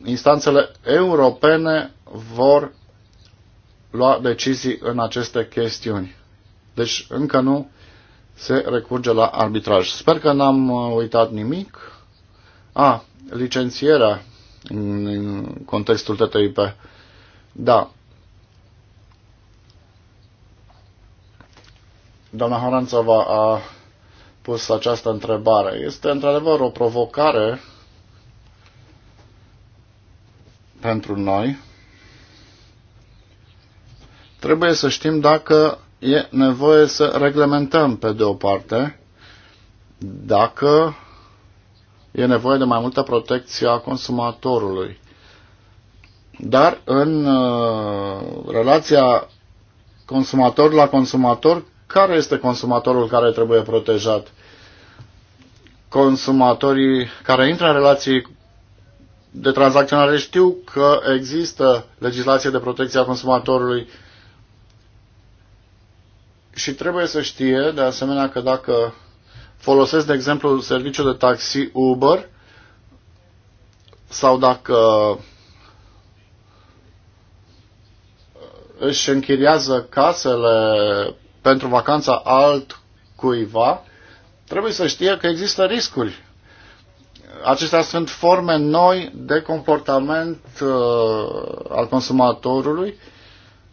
instanțele europene vor lua decizii în aceste chestiuni. Deci încă nu se recurge la arbitraj. Sper că n-am uh, uitat nimic. A, licențierea în contextul TTIP. Da. Doamna Horanțova a pus această întrebare. Este într-adevăr o provocare pentru noi Trebuie să știm dacă e nevoie să reglementăm pe de o parte, dacă e nevoie de mai multă protecție a consumatorului. Dar în uh, relația consumator la consumator, care este consumatorul care trebuie protejat? Consumatorii care intră în relații de tranzacționare știu că există legislație de protecție a consumatorului uh, și trebuie să știe, de asemenea, că dacă folosesc, de exemplu, serviciul de taxi Uber sau dacă își închiriază casele pentru vacanța cuiva trebuie să știe că există riscuri. Acestea sunt forme noi de comportament uh, al consumatorului uh,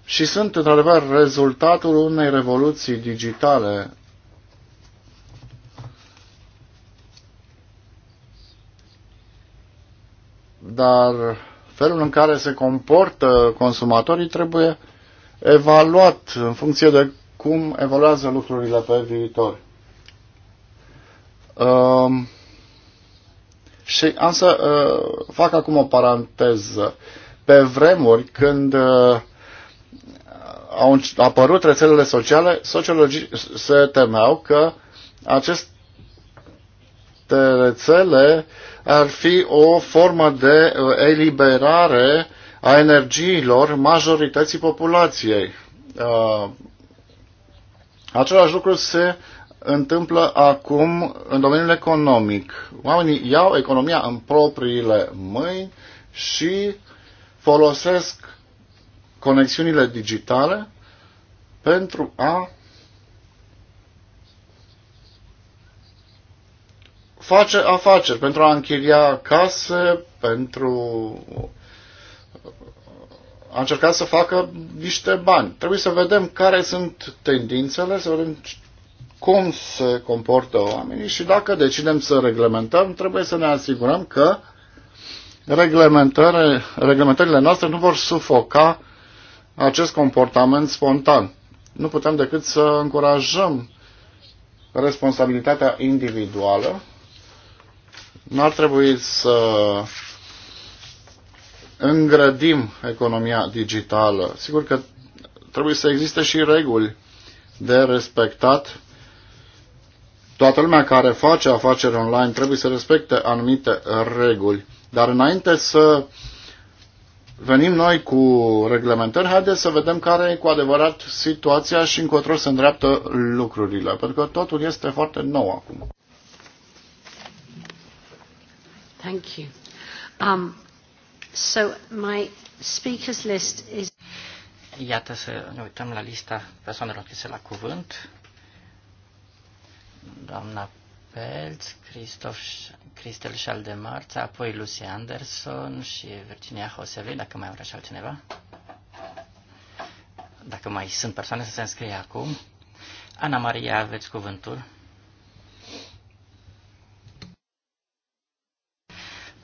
și sunt într-adevăr rezultatul unei revoluții digitale. Dar felul în care se comportă consumatorii trebuie evaluat în funcție de cum evoluează lucrurile pe viitor. Um, și am să uh, fac acum o paranteză. Pe vremuri când uh, au apărut rețelele sociale, sociologii se temeau că aceste rețele ar fi o formă de eliberare a energiilor majorității populației. Uh, același lucru se întâmplă acum în domeniul economic. Oamenii iau economia în propriile mâini și folosesc conexiunile digitale pentru a face afaceri, pentru a închiria case, pentru a încerca să facă niște bani. Trebuie să vedem care sunt tendințele, să vedem cum se comportă oamenii și dacă decidem să reglementăm, trebuie să ne asigurăm că reglementările noastre nu vor sufoca acest comportament spontan. Nu putem decât să încurajăm responsabilitatea individuală. N-ar trebui să îngrădim economia digitală. Sigur că trebuie să existe și reguli de respectat. Toată lumea care face afaceri online trebuie să respecte anumite reguli. Dar înainte să venim noi cu reglementări, haideți să vedem care e cu adevărat situația și încotro se îndreaptă lucrurile, pentru că totul este foarte nou acum. Thank you. Um, so my speakers list is... Iată să ne uităm la lista persoanelor chise la cuvânt. Doamna Pelz, Christoph, Christel Schaldemărț, apoi Lucy Anderson și Virginia Hosevei, dacă mai vrea și altcineva. Dacă mai sunt persoane să se înscrie acum. Ana Maria, aveți cuvântul.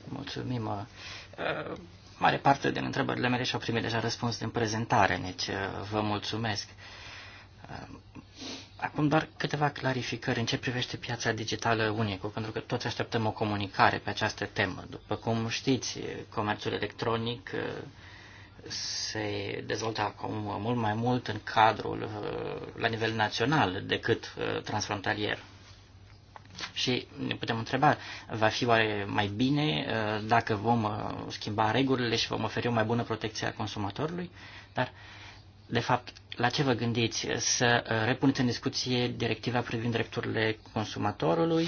Mulțumim. Uh, mare parte din întrebările mele și-au primit deja răspuns din prezentare, deci uh, vă mulțumesc. Uh, Acum doar câteva clarificări în ce privește piața digitală unică, pentru că toți așteptăm o comunicare pe această temă. După cum știți, comerțul electronic uh, se dezvoltă acum mult mai mult în cadrul, uh, la nivel național, decât uh, transfrontalier. Și ne putem întreba, va fi oare mai bine dacă vom schimba regulile și vom oferi o mai bună protecție a consumatorului? Dar de fapt, la ce vă gândiți? Să uh, repuneți în discuție directiva privind drepturile consumatorului?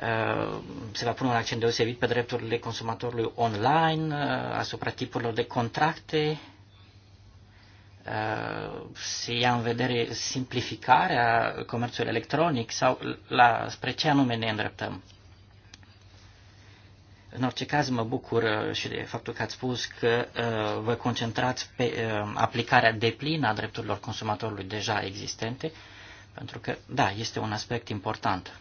Uh, se va pune un accent deosebit pe drepturile consumatorului online, uh, asupra tipurilor de contracte? Se ia în vedere simplificarea comerțului electronic? Sau la, spre ce anume ne îndreptăm? În orice caz, mă bucur uh, și de faptul că ați spus că uh, vă concentrați pe uh, aplicarea deplină a drepturilor consumatorului deja existente, pentru că, da, este un aspect important.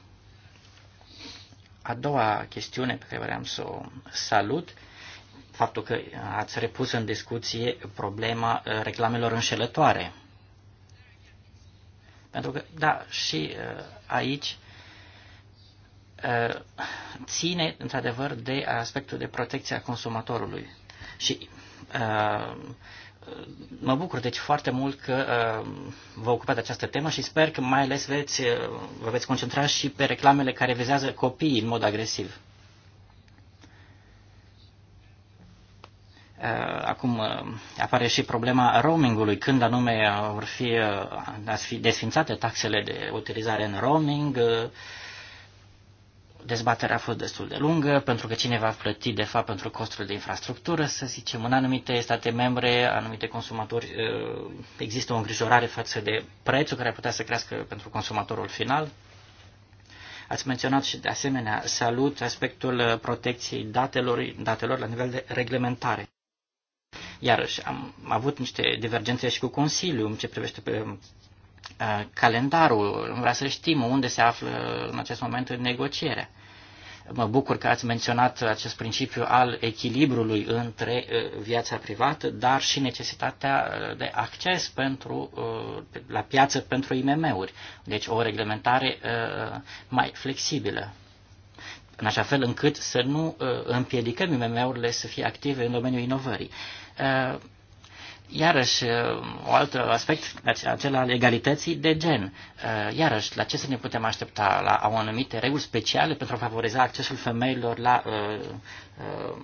A doua chestiune pe care vreau să o salut, faptul că ați repus în discuție problema reclamelor înșelătoare. Pentru că, da, și aici Uh, ține într-adevăr de aspectul de protecție a consumatorului. Și uh, mă bucur deci foarte mult că uh, vă ocupați de această temă și sper că mai ales veți, vă veți concentra și pe reclamele care vizează copiii în mod agresiv. Acum apare și problema roamingului, când anume vor fi, fi desfințate taxele de utilizare în roaming, dezbaterea a fost destul de lungă, pentru că cine va plăti, de fapt, pentru costurile de infrastructură, să zicem, în anumite state membre, anumite consumatori, uh, există o îngrijorare față de prețul care ar putea să crească pentru consumatorul final. Ați menționat și, de asemenea, salut aspectul uh, protecției datelor, datelor la nivel de reglementare. Iarăși, am avut niște divergențe și cu Consiliul în ce privește uh, Uh, calendarul, vrea să știm unde se află în acest moment în negociere. Mă bucur că ați menționat acest principiu al echilibrului între uh, viața privată, dar și necesitatea uh, de acces pentru, la piață pentru IMM-uri, deci o reglementare mai flexibilă în așa fel încât să nu împiedicăm IMM-urile să fie active în domeniul inovării. Iarăși, un alt aspect, acela al egalității de gen. Iarăși, la ce să ne putem aștepta? La au anumite reguli speciale pentru a favoriza accesul femeilor la uh, uh,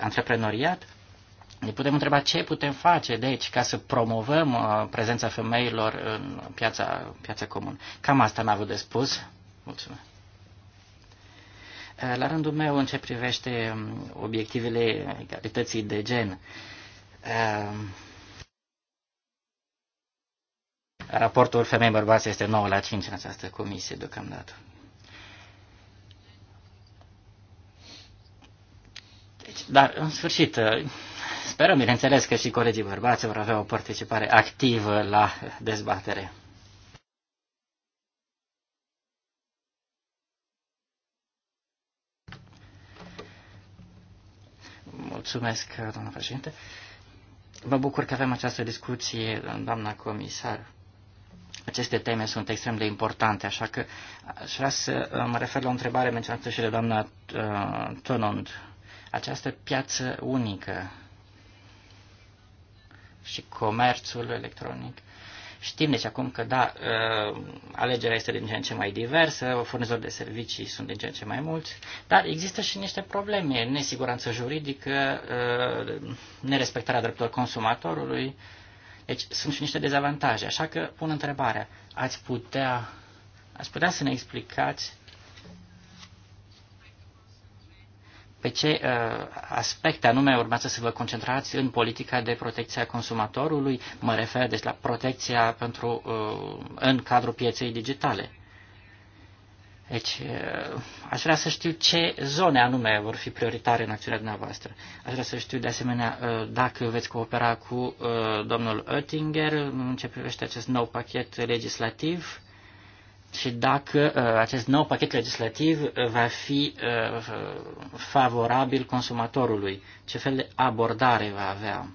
antreprenoriat? Ne putem întreba ce putem face, deci, ca să promovăm uh, prezența femeilor în piața, piața comună. Cam asta am avut de spus. Mulțumesc. La rândul meu, în ce privește obiectivele egalității de gen, uh, Ehm, raportul femei-bărbați este 9 la 5 în această comisie deocamdată. Deci, dar, în sfârșit, ă, sperăm, bineînțeles, că și colegii bărbați vor avea o participare activă la dezbatere. Mulțumesc, doamna președinte. Vă bucur că avem această discuție, doamna comisar. Aceste teme sunt extrem de importante, așa că aș vrea să mă refer la o întrebare menționată și de doamna uh, Tonond. Această piață unică și comerțul electronic uh, Știm deci acum că, da, ă, alegerea este din ce în ce mai diversă, furnizori de servicii sunt din ce în ce mai mulți, dar există și niște probleme, nesiguranță juridică, ă, nerespectarea drepturilor consumatorului, deci sunt și niște dezavantaje. Așa că pun întrebarea, ați putea, ați putea să ne explicați pe ce uh, aspecte anume urmează să vă concentrați în politica de protecție a consumatorului? Mă refer deci la protecția pentru, uh, în cadrul pieței digitale. Deci, uh, aș vrea să știu ce zone anume vor fi prioritare în acțiunea dumneavoastră. Aș vrea să știu, de asemenea, dacă veți coopera cu domnul Oettinger în ce privește acest nou pachet legislativ și dacă uh, acest nou pachet legislativ uh, va fi uh, favorabil consumatorului, ce fel de abordare va avea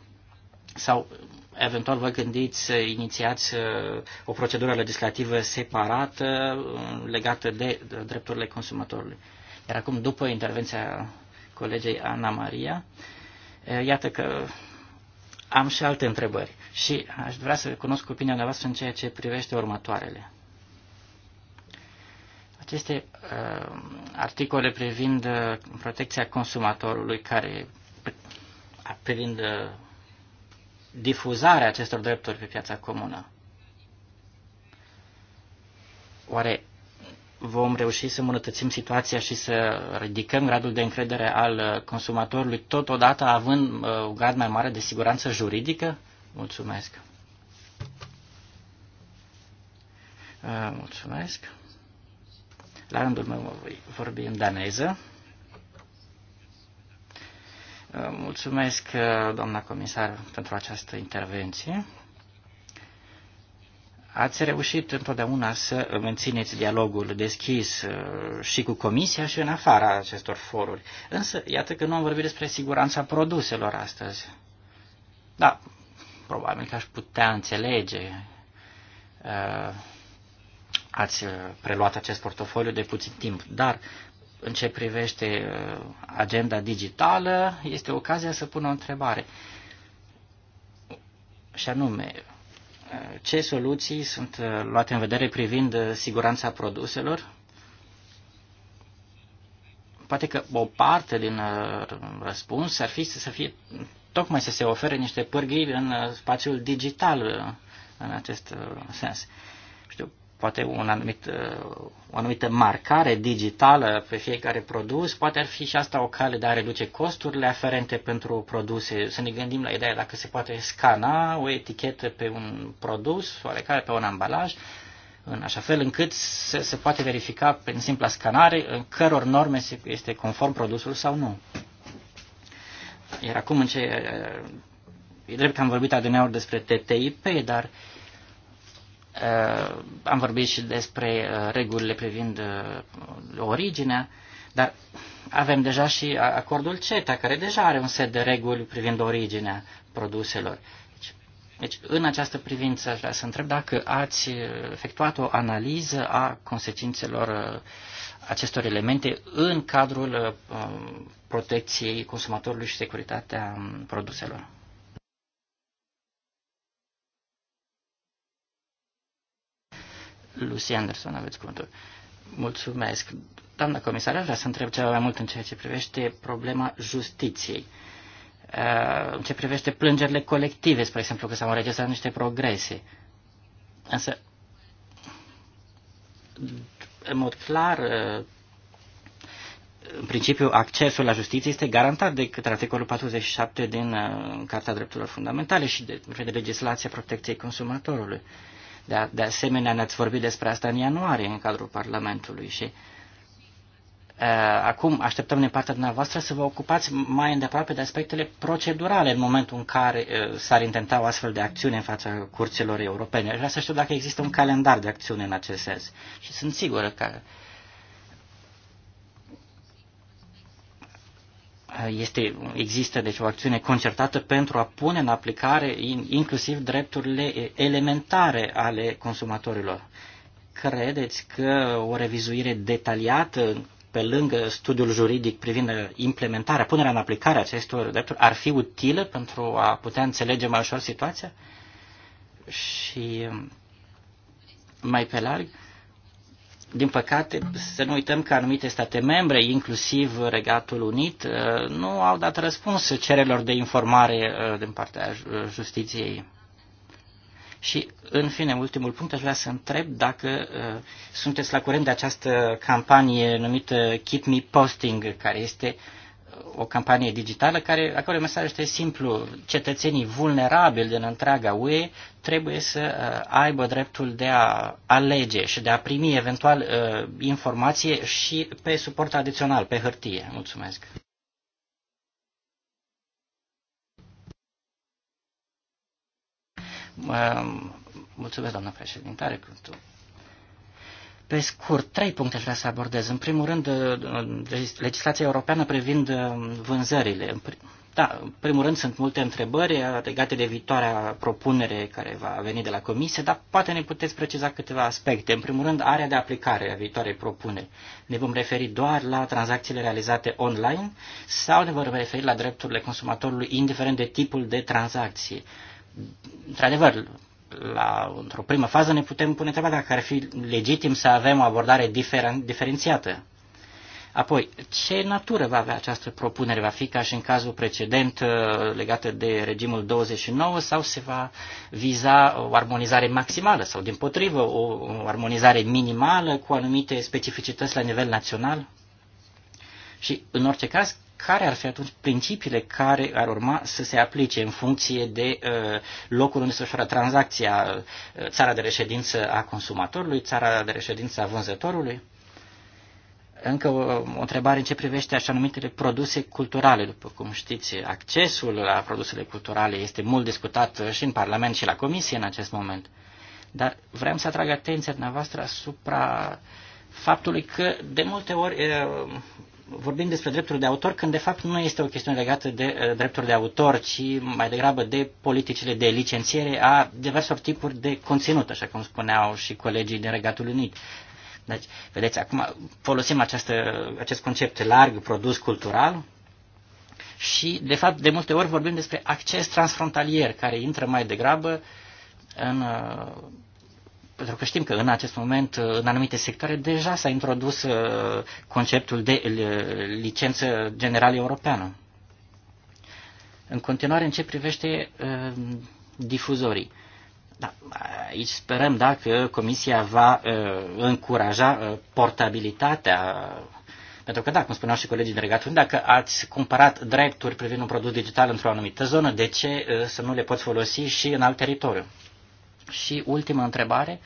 sau eventual vă gândiți să inițiați o procedură legislativă separată legată de drepturile consumatorului. Iar acum, după intervenția colegei Ana Maria, iată că am și alte întrebări și aș vrea să cunosc opinia noastră în ceea ce privește următoarele aceste uh, articole privind uh, protecția consumatorului care privind uh, difuzarea acestor drepturi pe piața comună. Oare vom reuși să îmbunătățim situația și să ridicăm gradul de încredere al uh, consumatorului, totodată având uh, un grad mai mare de siguranță juridică? Mulțumesc! Uh, mulțumesc! La rândul meu voi vorbi în daneză. Uh, mulțumesc, uh, doamna comisar, pentru această intervenție. Ați reușit întotdeauna să mențineți dialogul deschis uh, și cu Comisia și în afara acestor foruri. Însă, iată că nu am vorbit despre siguranța produselor astăzi. Da, probabil că aș putea înțelege ați uh, preluat acest portofoliu de puțin timp, dar în ce privește uh, agenda digitală, este ocazia să pun o întrebare. Și anume, uh, ce soluții sunt luate în vedere privind siguranța produselor? Poate că o parte din răspuns ar fi să fie tocmai să se ofere niște pârghii în spațiul digital în acest sens poate un anumit, uh, o anumită marcare digitală pe fiecare produs, poate ar fi și asta o cale de a reduce costurile aferente pentru produse. Să ne gândim la ideea dacă se poate scana o etichetă pe un produs, oarecare pe un ambalaj, în așa fel încât se, se poate verifica prin simpla scanare în căror norme este conform produsul sau nu. Iar acum în ce... Uh, e drept că am vorbit adineori despre TTIP, dar uh, Uh, am vorbit și despre uh, regulile privind uh, originea, dar avem deja și acordul CETA, care deja are un set de reguli privind originea produselor. Deci, deci în această privință, aș vrea să întreb dacă ați efectuat o analiză a consecințelor acestor elemente în cadrul protecției consumatorului și securitatea um, produselor. Lucy Anderson, aveți cuvântul. Mulțumesc. Doamna comisar, vreau să întreb ceva mai mult în ceea ce privește problema justiției. Uh, în ce privește plângerile colective, spre exemplu, că s-au înregistrat niște progrese. Însă, în mod clar, uh, în principiu, accesul la justiție este garantat de către articolul 47 din uh, Carta Drepturilor Fundamentale și de, de legislația protecției consumatorului. Uh, de, de asemenea, ne-ați vorbit despre asta în ianuarie, în cadrul Parlamentului și uh, acum așteptăm din partea dumneavoastră să vă ocupați mai îndeaproape de aspectele procedurale în momentul în care uh, s-ar intenta o astfel de acțiune în fața curților europene. Aș vrea să știu dacă există un calendar de acțiune în acest sens. Și sunt sigură că Uh, este, există deci o acțiune concertată pentru a pune în aplicare inclusiv drepturile elementare ale consumatorilor. Credeți că o revizuire detaliată pe lângă studiul juridic privind implementarea, punerea în aplicare acestor drepturi, ar fi utilă pentru a putea înțelege mai ușor situația? Și um, mai pe larg, uh, din păcate, să nu uităm că anumite state membre, inclusiv Regatul Unit, uh, nu au dat răspuns cererilor de informare uh, din partea justiției. Și, în fine, ultimul punct, aș vrea să întreb dacă uh, sunteți la curent de această campanie numită Keep Me Posting, care este o campanie digitală care, acolo mesajul este simplu, cetățenii vulnerabili din întreaga UE trebuie să uh, aibă dreptul de a alege și de a primi eventual uh, informație și pe suport adițional, pe hârtie. Mulțumesc! Uh, mulțumesc, doamna președintare, Are pe scurt, trei puncte aș vrea să abordez. În primul rând, uh, uh, legislația europeană privind uh, vânzările. Da, în primul rând sunt multe întrebări legate de viitoarea propunere care va veni de la Comisie, dar poate ne puteți preciza câteva aspecte. În primul rând, area de aplicare a viitoarei propuneri. Ne vom referi doar la tranzacțiile realizate online sau ne vom referi la drepturile consumatorului, indiferent de tipul de tranzacție? Într-adevăr, la, într-o primă fază ne putem pune întrebarea dacă ar fi legitim să avem o abordare diferen, diferențiată. Apoi, ce natură va avea această propunere? Va fi ca și în cazul precedent uh, legată de regimul 29 sau se va viza o armonizare maximală sau, din potrivă, o, o armonizare minimală cu anumite specificități la nivel național? Și, în orice caz, care ar fi atunci principiile care ar urma să se aplice în funcție de uh, locul unde se desfășoară tranzacția, uh, țara de reședință a consumatorului, țara de reședință a vânzătorului? Încă o, o întrebare în ce privește așa numitele produse culturale. După cum știți, accesul la produsele culturale este mult discutat uh, și în Parlament și la Comisie în acest moment. Dar vreau să atrag atenția dumneavoastră asupra faptului că de multe ori vorbim despre drepturi de autor când de fapt nu este o chestiune legată de uh, drepturi de autor, ci mai degrabă de politicile de licențiere a diverselor tipuri de conținut, așa cum spuneau și colegii din Regatul Unit. Deci, vedeți, acum folosim această, acest concept larg, produs cultural, și, de fapt, de multe ori vorbim despre acces transfrontalier, care intră mai degrabă în uh, pentru că știm că în acest moment, în anumite sectoare, deja s-a introdus uh, conceptul de uh, licență generală europeană. În continuare, în ce privește uh, difuzorii. Da, aici sperăm da, că Comisia va uh, încuraja uh, portabilitatea. Pentru că, da, cum spuneau și colegii de regatul, dacă ați cumpărat drepturi privind un produs digital într-o anumită zonă, de ce uh, să nu le poți folosi și în alt teritoriu? Și ultima întrebare,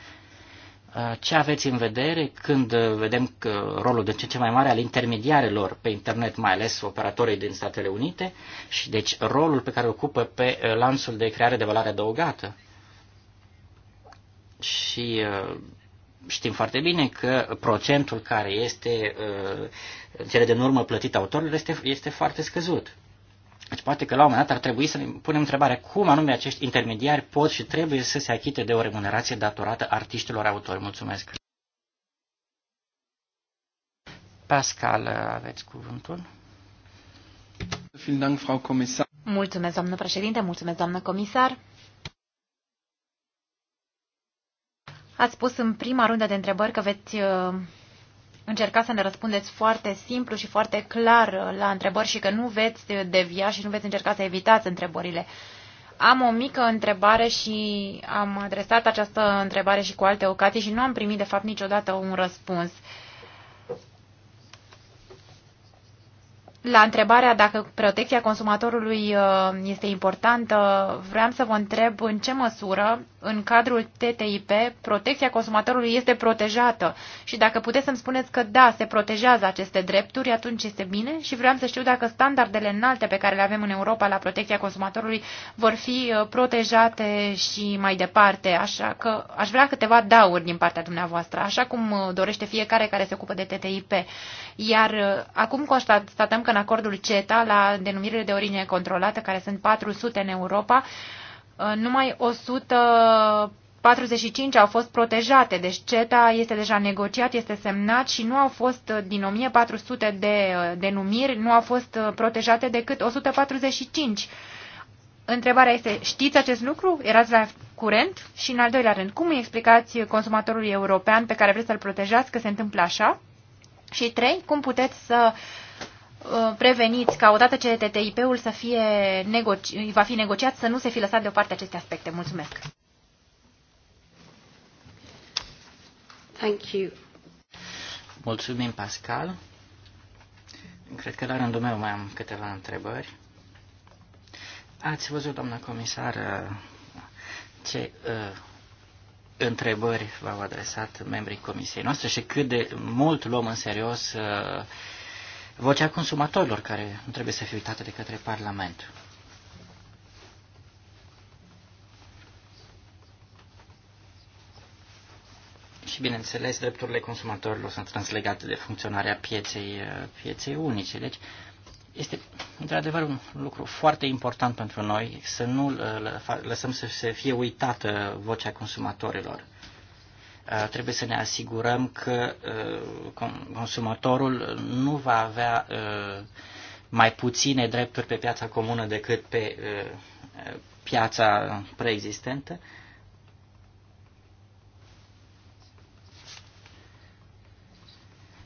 uh, ce aveți în vedere când uh, vedem că rolul de ce ce mai mare al intermediarelor pe internet, mai ales operatorii din Statele Unite, și deci rolul pe care îl ocupă pe uh, lanțul de creare de valoare adăugată? Și știm foarte bine că procentul care este cele din urmă plătit autorilor este, este foarte scăzut. Deci poate că la un moment dat ar trebui să ne punem întrebarea cum anume acești intermediari pot și trebuie să se achite de o remunerație datorată artiștilor autori. Mulțumesc! Pascal, aveți cuvântul. Mulțumesc, doamnă președinte, mulțumesc, doamnă comisar. Ați spus în prima rundă de întrebări că veți uh, încercați să ne răspundeți foarte simplu și foarte clar uh, la întrebări și că nu veți uh, devia și nu veți încerca să evitați întrebările. Am o mică întrebare și am adresat această întrebare și cu alte ocazii și nu am primit de fapt niciodată un răspuns. Uh, la întrebarea dacă protecția consumatorului uh, este importantă, vreau să vă întreb în ce măsură, în cadrul TTIP, protecția consumatorului este protejată și dacă puteți să-mi spuneți că da, se protejează aceste drepturi, atunci este bine și vreau să știu dacă standardele înalte pe care le avem în Europa la protecția consumatorului vor fi uh, protejate și mai departe, așa că aș vrea câteva dauri din partea dumneavoastră, așa cum uh, dorește fiecare care se ocupă de TTIP. Iar acum constatăm că în acordul CETA la denumirile de origine controlată, care sunt 400 în Europa, uh, numai 100 45 au fost protejate, deci CETA este deja negociat, este semnat și nu au fost uh, din 1400 de uh, denumiri, nu au fost protejate decât 145. Întrebarea este, știți acest lucru? Erați la curent? Și în al doilea rând, cum îi explicați consumatorului european pe care vreți să-l protejați că se întâmplă așa? Și trei, cum puteți să Uh, preveniți ca odată ce TTIP-ul să fie negoci va fi negociat să nu se fi lăsat deoparte aceste aspecte. Mulțumesc! Thank you. Mulțumim, Pascal. Cred că la rândul meu mai am câteva întrebări. Ați văzut, doamna comisar, ce uh, întrebări v-au adresat membrii comisiei noastre și cât de mult luăm în serios uh, vocea consumatorilor care nu trebuie să fie uitată de către Parlament. Și, bineînțeles, drepturile consumatorilor sunt translegate de funcționarea pieței, uh, pieței unice. Deci, este, într-adevăr, un lucru foarte important pentru noi să nu uh, lăsăm să se fie uitată vocea consumatorilor trebuie să ne asigurăm că consumatorul nu va avea mai puține drepturi pe piața comună decât pe piața preexistentă.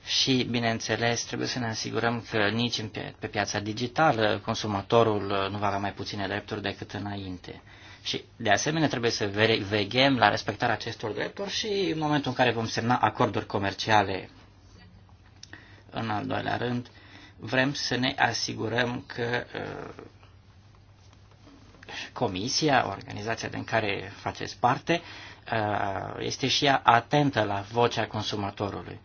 Și, bineînțeles, trebuie să ne asigurăm că nici pe piața digitală consumatorul nu va avea mai puține drepturi decât înainte. Și, de asemenea, trebuie să veghem la respectarea acestor drepturi și în momentul în care vom semna acorduri comerciale. În al doilea rând, vrem să ne asigurăm că uh, comisia, organizația din care faceți parte, uh, este și ea atentă la vocea consumatorului.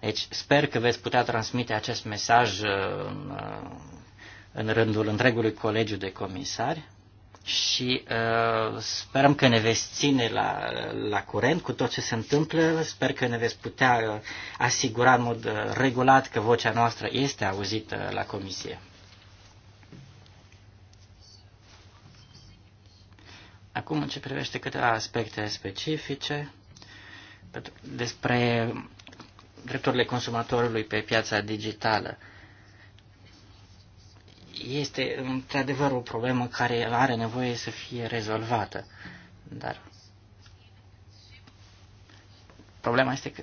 Deci sper că veți putea transmite acest mesaj uh, în, uh, în rândul întregului colegiu de comisari și uh, sperăm că ne veți ține la, la curent cu tot ce se întâmplă. Sper că ne veți putea uh, asigura în mod uh, regulat că vocea noastră este auzită la comisie. Acum, în ce privește câteva aspecte specifice despre drepturile consumatorului pe piața digitală. Uh, este într-adevăr o problemă care are nevoie să fie rezolvată. Dar problema este că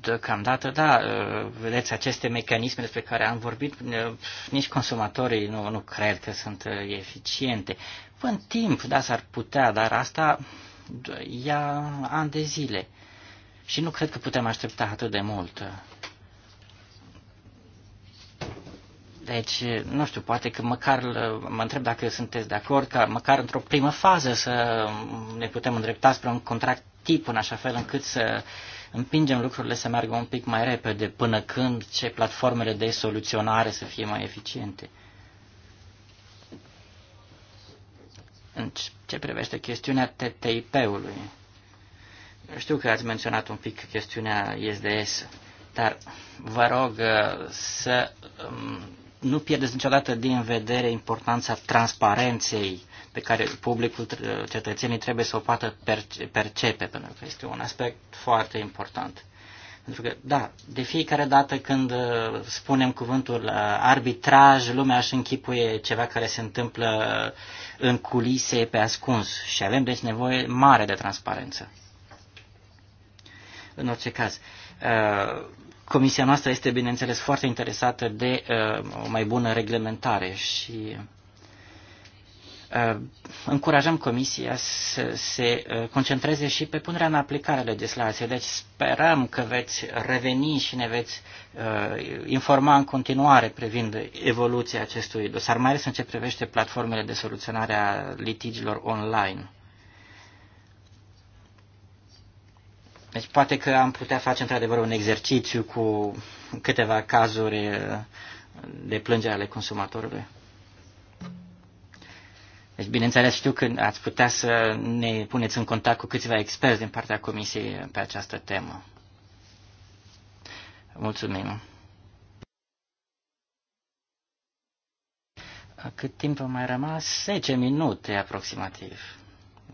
deocamdată, da, vedeți, aceste mecanisme despre care am vorbit, nici consumatorii nu, nu cred că sunt eficiente. În timp, da, s-ar putea, dar asta ia ani de zile. Și nu cred că putem aștepta atât de mult. Deci, nu știu, poate că măcar mă întreb dacă sunteți de acord ca măcar într-o primă fază să ne putem îndrepta spre un contract tip în așa fel încât să împingem lucrurile să meargă un pic mai repede până când ce platformele de soluționare să fie mai eficiente. În ce privește chestiunea TTIP-ului, știu că ați menționat un pic chestiunea ISDS, dar vă rog uh, să um, nu pierdeți niciodată din vedere importanța transparenței pe care publicul, cetățenii trebuie să o poată percepe, pentru că este un aspect foarte important. Pentru că, da, de fiecare dată când uh, spunem cuvântul uh, arbitraj, lumea își închipuie ceva care se întâmplă în culise, pe ascuns. Și avem, deci, nevoie mare de transparență. În orice caz, uh, Comisia noastră este, bineînțeles, foarte interesată de uh, o mai bună reglementare și uh, încurajăm Comisia să se uh, concentreze și pe punerea în aplicare a legislației. Deci sperăm că veți reveni și ne veți uh, informa în continuare privind evoluția acestui dosar, mai ales în ce privește platformele de soluționare a litigilor online. Deci poate că am putea face într-adevăr un exercițiu cu câteva cazuri uh, de plângere ale consumatorului. Deci, bineînțeles, știu că ați putea să ne puneți în contact cu câțiva experți din partea Comisiei pe această temă. Mulțumim. Cât timp a mai rămas? 10 minute aproximativ.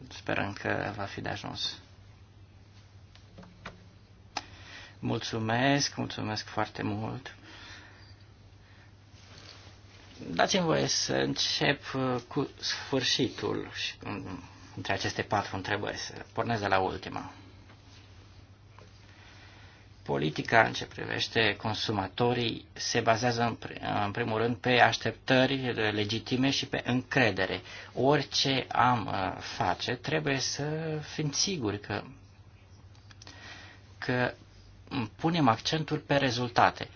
Sperăm că va fi de ajuns. Mulțumesc, mulțumesc foarte mult. Dați-mi voie să încep uh, cu sfârșitul și um, între aceste patru întrebări, să pornesc de la ultima. Politica în ce privește consumatorii se bazează în, în primul rând pe așteptări legitime și pe încredere. Orice am uh, face trebuie să fim siguri că, că punem accentul pe rezultate.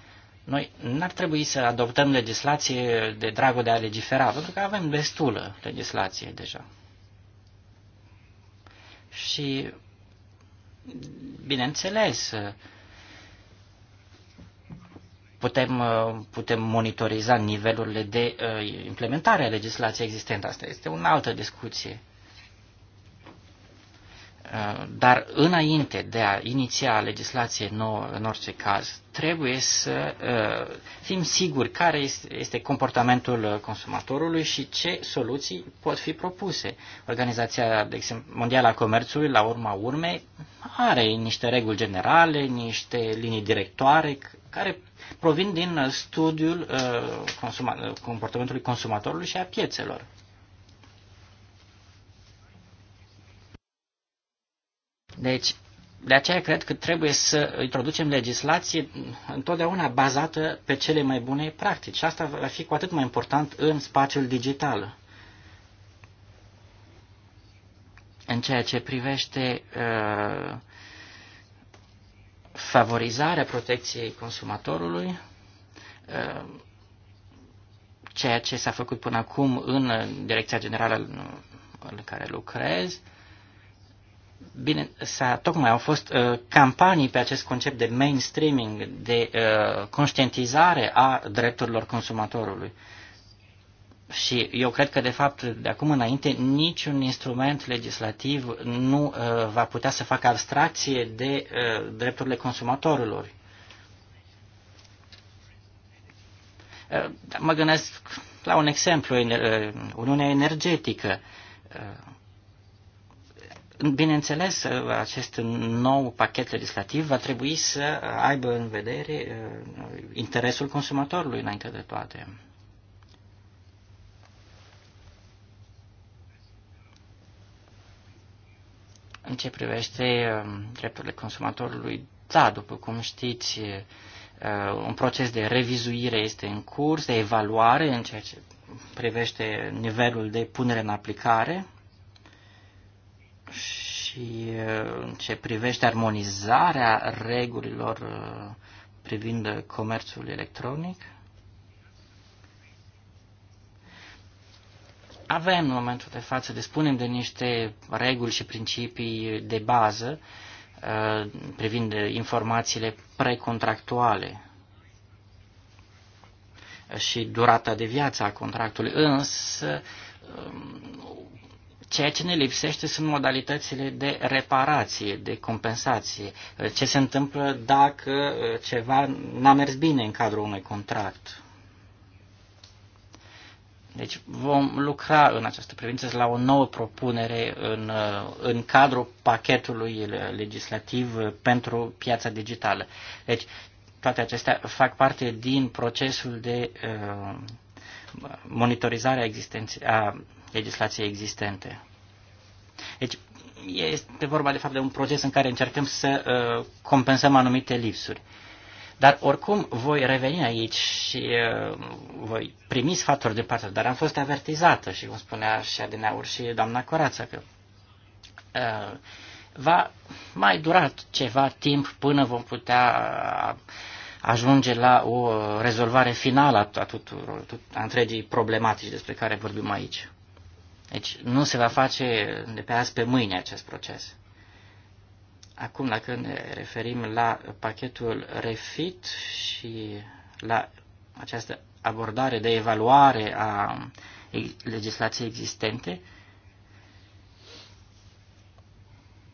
Noi n-ar trebui să adoptăm legislație de dragul de a legifera, pentru că avem destulă legislație deja. Și, bineînțeles, putem, putem monitoriza nivelurile de uh, implementare a legislației existente. Asta este o altă discuție. Uh, dar înainte de a iniția legislație nouă, în orice caz, trebuie să uh, fim siguri care este comportamentul uh, consumatorului și ce soluții pot fi propuse. Organizația de exemplu, Mondială a Comerțului, la urma urmei, are niște reguli generale, niște linii directoare care provin din studiul comportamentului consumatorului și a piețelor. Deci, de aceea cred că trebuie să introducem legislație întotdeauna bazată pe cele mai bune practici. Și asta va fi cu atât mai important în spațiul digital. În ceea ce privește uh, favorizarea protecției consumatorului, uh, ceea ce s-a făcut până acum în Direcția Generală în care lucrez, Bine, s-a, tocmai au fost uh, campanii pe acest concept de mainstreaming, de uh, conștientizare a drepturilor consumatorului. Și eu cred că, de fapt, de acum înainte, niciun instrument legislativ nu uh, va putea să facă abstracție de uh, drepturile consumatorilor. Uh, da, mă gândesc la un exemplu, uh, Uniunea Energetică. Uh, Bineînțeles, acest nou pachet legislativ va trebui să aibă în vedere uh, interesul consumatorului înainte de toate. În ce privește uh, drepturile consumatorului, da, după cum știți, uh, un proces de revizuire este în curs, de evaluare în ceea ce privește nivelul de punere în aplicare și uh, în ce privește armonizarea regulilor uh, privind comerțul electronic. Avem în momentul de față, dispunem de niște reguli și principii de bază uh, privind informațiile precontractuale și durata de viață a contractului, însă um, Ceea ce ne lipsește sunt modalitățile de reparație, de compensație. Ce se întâmplă dacă uh, ceva n-a mers bine în cadrul unui contract. Deci vom lucra în această privință la o nouă propunere în, uh, în cadrul pachetului legislativ uh, pentru piața digitală. Deci toate acestea fac parte din procesul de uh, monitorizare a, existenței, a legislației existente. Deci este vorba de fapt de un proces în care încercăm să uh, compensăm anumite lipsuri. Dar oricum voi reveni aici și uh, voi primi sfaturi de partea. dar am fost avertizată și cum spunea și Adineaur și doamna Corață că uh, va mai dura ceva timp până vom putea ajunge la o rezolvare finală a, tuturor, a întregii problematici despre care vorbim aici. Deci nu se va face de pe azi pe mâine acest proces. Acum, dacă ne referim la pachetul refit și la această abordare de evaluare a legislației existente,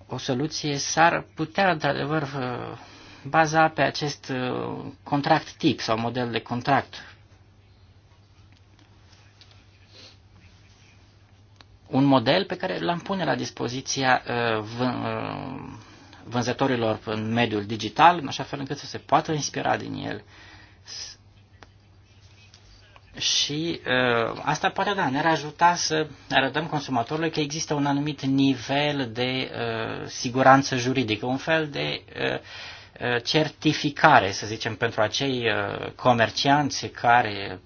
o soluție s-ar putea, într-adevăr, baza pe acest uh, contract tip sau model de contract un model pe care l-am pune la dispoziția uh, uh, vânzătorilor în mediul digital, în așa fel încât să se poată inspira din el. Și uh, asta poate da, ne-ar ajuta să arătăm consumatorului că există un anumit nivel de uh, siguranță juridică, un fel de uh, uh certificare, să zicem, pentru acei uh, comercianți care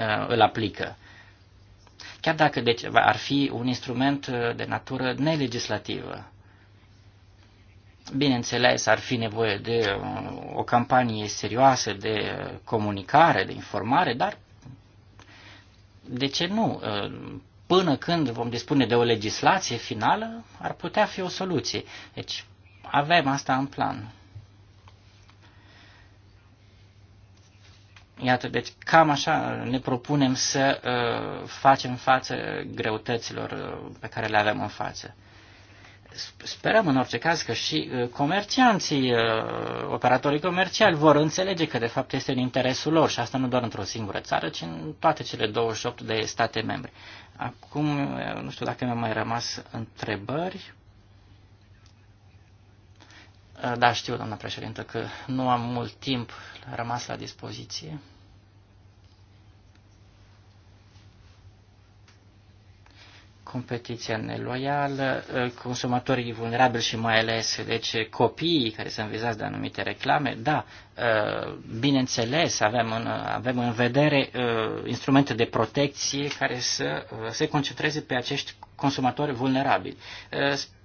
uh, îl aplică chiar dacă deci, ar fi un instrument uh, de natură nelegislativă. Bineînțeles, ar fi nevoie de uh, o campanie serioasă de uh, comunicare, de informare, dar de ce nu? Până când vom dispune de o legislație finală, ar putea fi o soluție. Deci, avem asta în plan. Iată, deci cam așa ne propunem să uh, facem față greutăților uh, pe care le avem în față. Sperăm în orice caz că și uh, comercianții, uh, operatorii comerciali vor înțelege că de fapt este în interesul lor și asta nu doar într-o singură țară, ci în toate cele 28 de state membre. Acum, uh, nu știu dacă mi-au mai rămas întrebări. Uh, da, știu, doamna președintă, că nu am mult timp rămas la dispoziție. competiția neloială, uh, consumatorii vulnerabili și mai ales, deci copiii care sunt vizați de anumite reclame, da, uh, bineînțeles, avem în, avem în vedere instrumente de protecție care să se concentreze pe acești consumatori vulnerabili.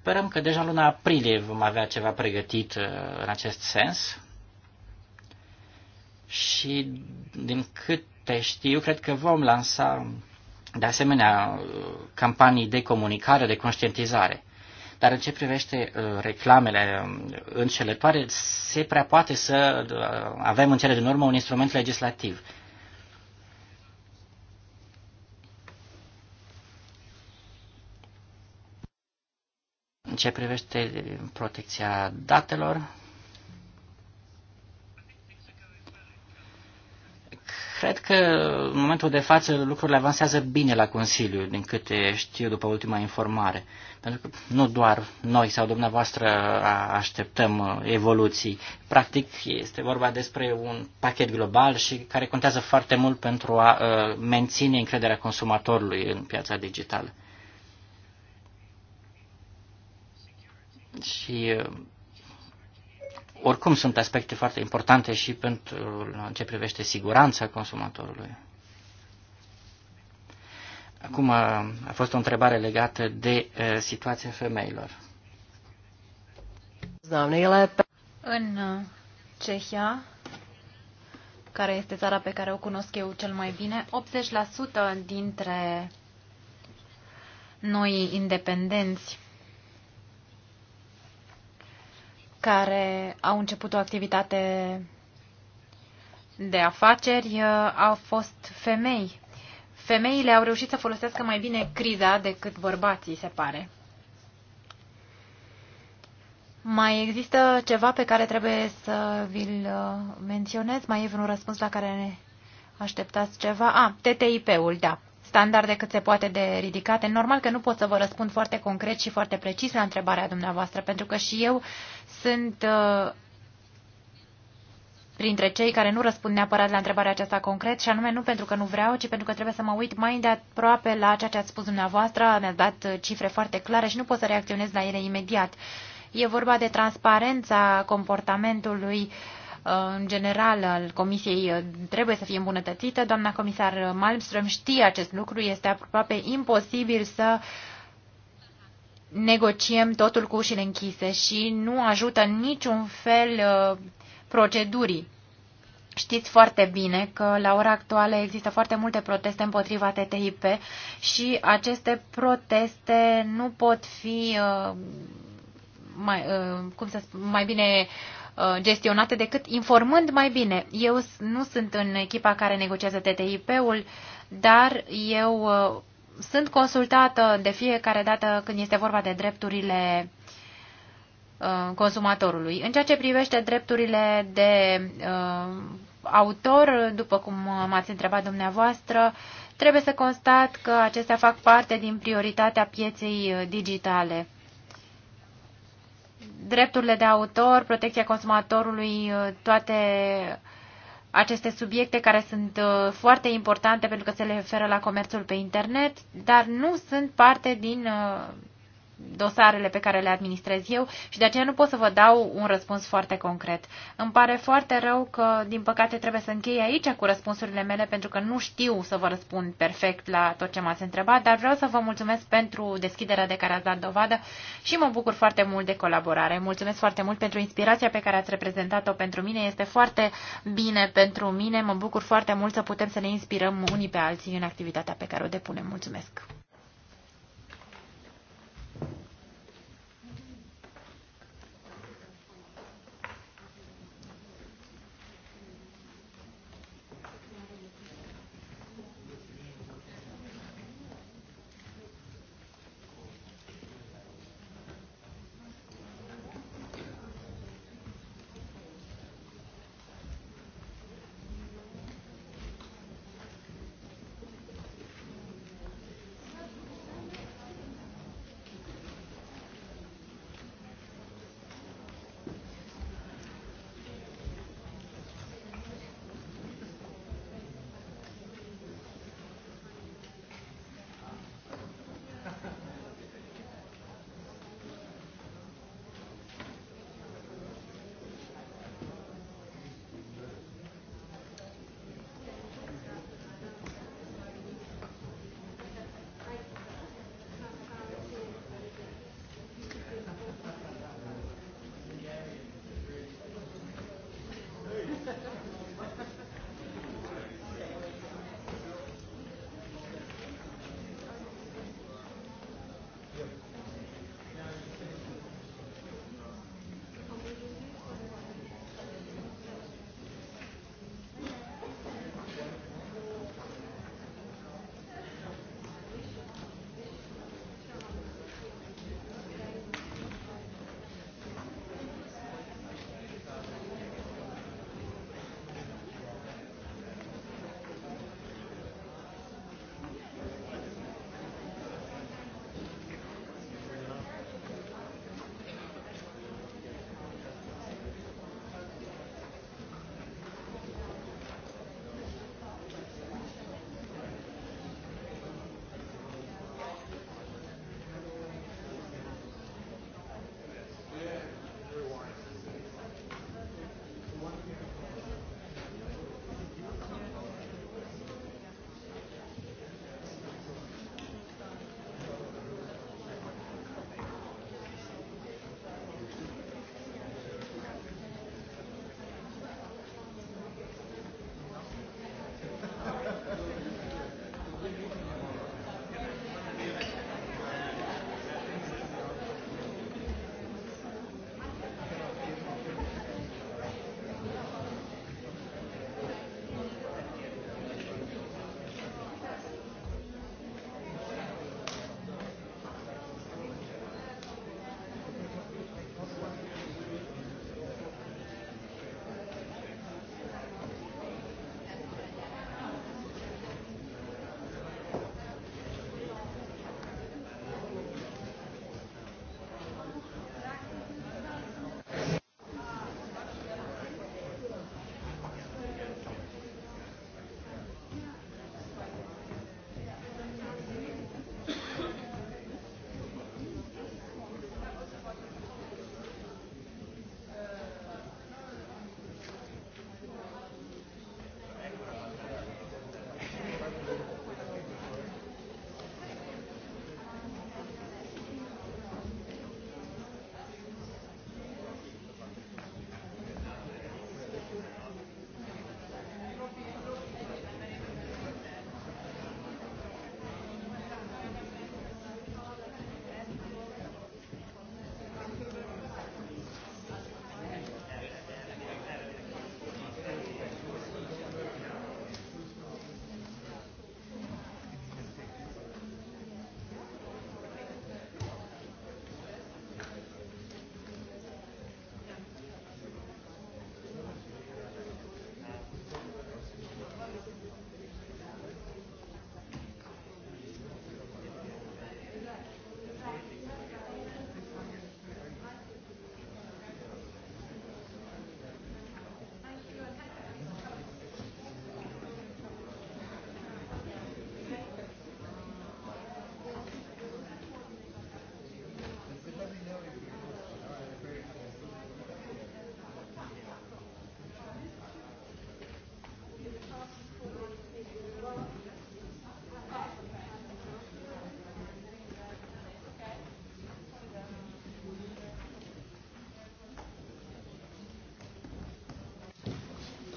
Sperăm că deja luna aprilie vom avea ceva pregătit uh, în acest sens. Și din câte știu, cred că vom lansa de asemenea uh, campanii de comunicare, de conștientizare. Dar în ce privește uh, reclamele um, înșelătoare, se prea poate să avem în cele din urmă un instrument legislativ. În ce privește protecția datelor, cred că în momentul de față lucrurile avansează bine la Consiliu, din câte știu după ultima informare. Pentru că nu doar noi sau dumneavoastră așteptăm uh, evoluții. Practic este vorba despre un pachet global și care contează foarte mult pentru a uh, menține încrederea consumatorului în piața digitală. Și uh, oricum sunt aspecte foarte importante și pentru în ce privește siguranța consumatorului. Acum uh, a fost o întrebare legată de a, uh, situația femeilor. În Cehia, care este țara pe care o cunosc eu cel mai bine, 80% dintre noi independenți care au început o activitate de afaceri uh, au fost femei. Femeile au reușit să folosească mai bine criza decât bărbații, se pare. Mai există ceva pe care trebuie să vi-l uh, menționez? Mai e vreun răspuns la care ne așteptați ceva? A, ah, TTIP-ul, da standarde cât se poate de ridicate. Normal că nu pot să vă răspund foarte concret și foarte precis la întrebarea dumneavoastră, pentru că și eu sunt uh, printre cei care nu răspund neapărat la întrebarea aceasta concret, și anume nu pentru că nu vreau, ci pentru că trebuie să mă uit mai de aproape la ceea ce ați spus dumneavoastră, mi-ați dat uh, cifre foarte clare și nu pot să reacționez la ele imediat. E vorba de transparența comportamentului uh, în general al Comisiei uh, trebuie să fie îmbunătățită. Doamna comisar Malmström știe acest lucru, este aproape imposibil să negociem totul cu ușile închise și nu ajută în niciun fel uh, procedurii. Știți foarte bine că la ora actuală există foarte multe proteste împotriva TTIP și aceste proteste nu pot fi uh, mai, cum să spun, mai bine uh, Uh, gestionate decât informând mai bine. Eu nu sunt în echipa care negociază TTIP-ul, dar eu uh, sunt consultată de fiecare dată când este vorba de drepturile uh, consumatorului. În ceea ce privește drepturile de uh, autor, după cum m-ați întrebat dumneavoastră, trebuie să constat că acestea fac parte din prioritatea pieței digitale drepturile de autor, protecția consumatorului, uh, toate aceste subiecte care sunt uh, foarte importante pentru că se referă la comerțul pe internet, dar nu sunt parte din uh, dosarele pe care le administrez eu și de aceea nu pot să vă dau un răspuns foarte concret. Îmi pare foarte rău că, din păcate, trebuie să închei aici cu răspunsurile mele pentru că nu știu să vă răspund perfect la tot ce m-ați întrebat, dar vreau să vă mulțumesc pentru deschiderea de care ați dat dovadă și mă bucur foarte mult de colaborare. Mulțumesc foarte mult pentru inspirația pe care ați reprezentat-o pentru mine. Este foarte bine pentru mine. Mă bucur foarte mult să putem să ne inspirăm unii pe alții în activitatea pe care o depunem. Mulțumesc!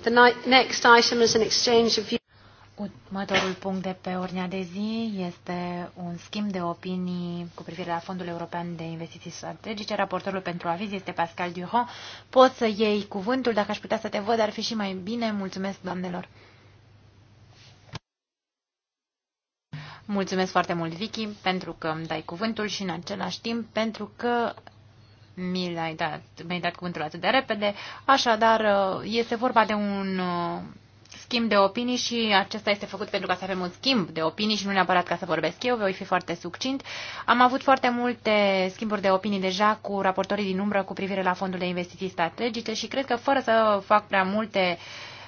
The next item is an exchange of views. Următorul punct de pe ordinea de zi este un schimb de opinii cu privire la Fondul European de Investiții Strategice. Raportorul pentru aviz este Pascal Duhon. Poți să iei cuvântul, dacă aș putea să te văd, ar fi și mai bine. Mulțumesc, doamnelor! Mulțumesc foarte mult, Vicky, pentru că îmi dai cuvântul și în același timp pentru că mi l-ai dat, mi-ai dat cuvântul atât de repede. Așadar, uh, este vorba de un uh, schimb de opinii și acesta este făcut pentru ca să avem un schimb de opinii și nu neapărat ca să vorbesc eu, voi fi foarte succint. Am avut foarte multe schimburi de opinii deja cu raportorii din umbră cu privire la fondul de investiții strategice și cred că fără să fac prea multe uh,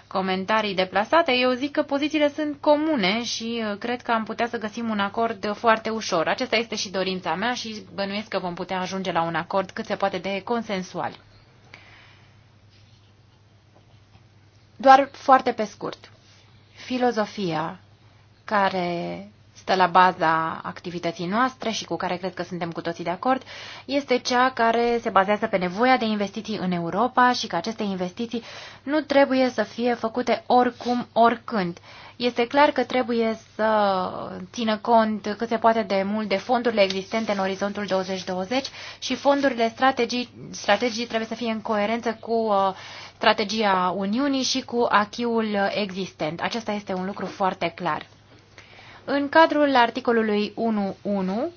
comentarii deplasate, eu zic că pozițiile sunt comune și uh, cred că am putea să găsim un acord foarte ușor. Acesta este și dorința mea și bănuiesc că vom putea ajunge la un acord cât se poate de consensual. Doar foarte pe scurt. Filozofia care stă la baza activității noastre și cu care cred că suntem cu toții de acord, este cea care se bazează pe nevoia de investiții în Europa și că aceste investiții nu trebuie să fie făcute oricum, oricând. Este clar că trebuie să țină cont cât se poate de mult de fondurile existente în orizontul 2020 și fondurile strategii, strategii trebuie să fie în coerență cu uh, strategia Uniunii și cu achiul existent. Acesta este un lucru foarte clar. În cadrul articolului 1.1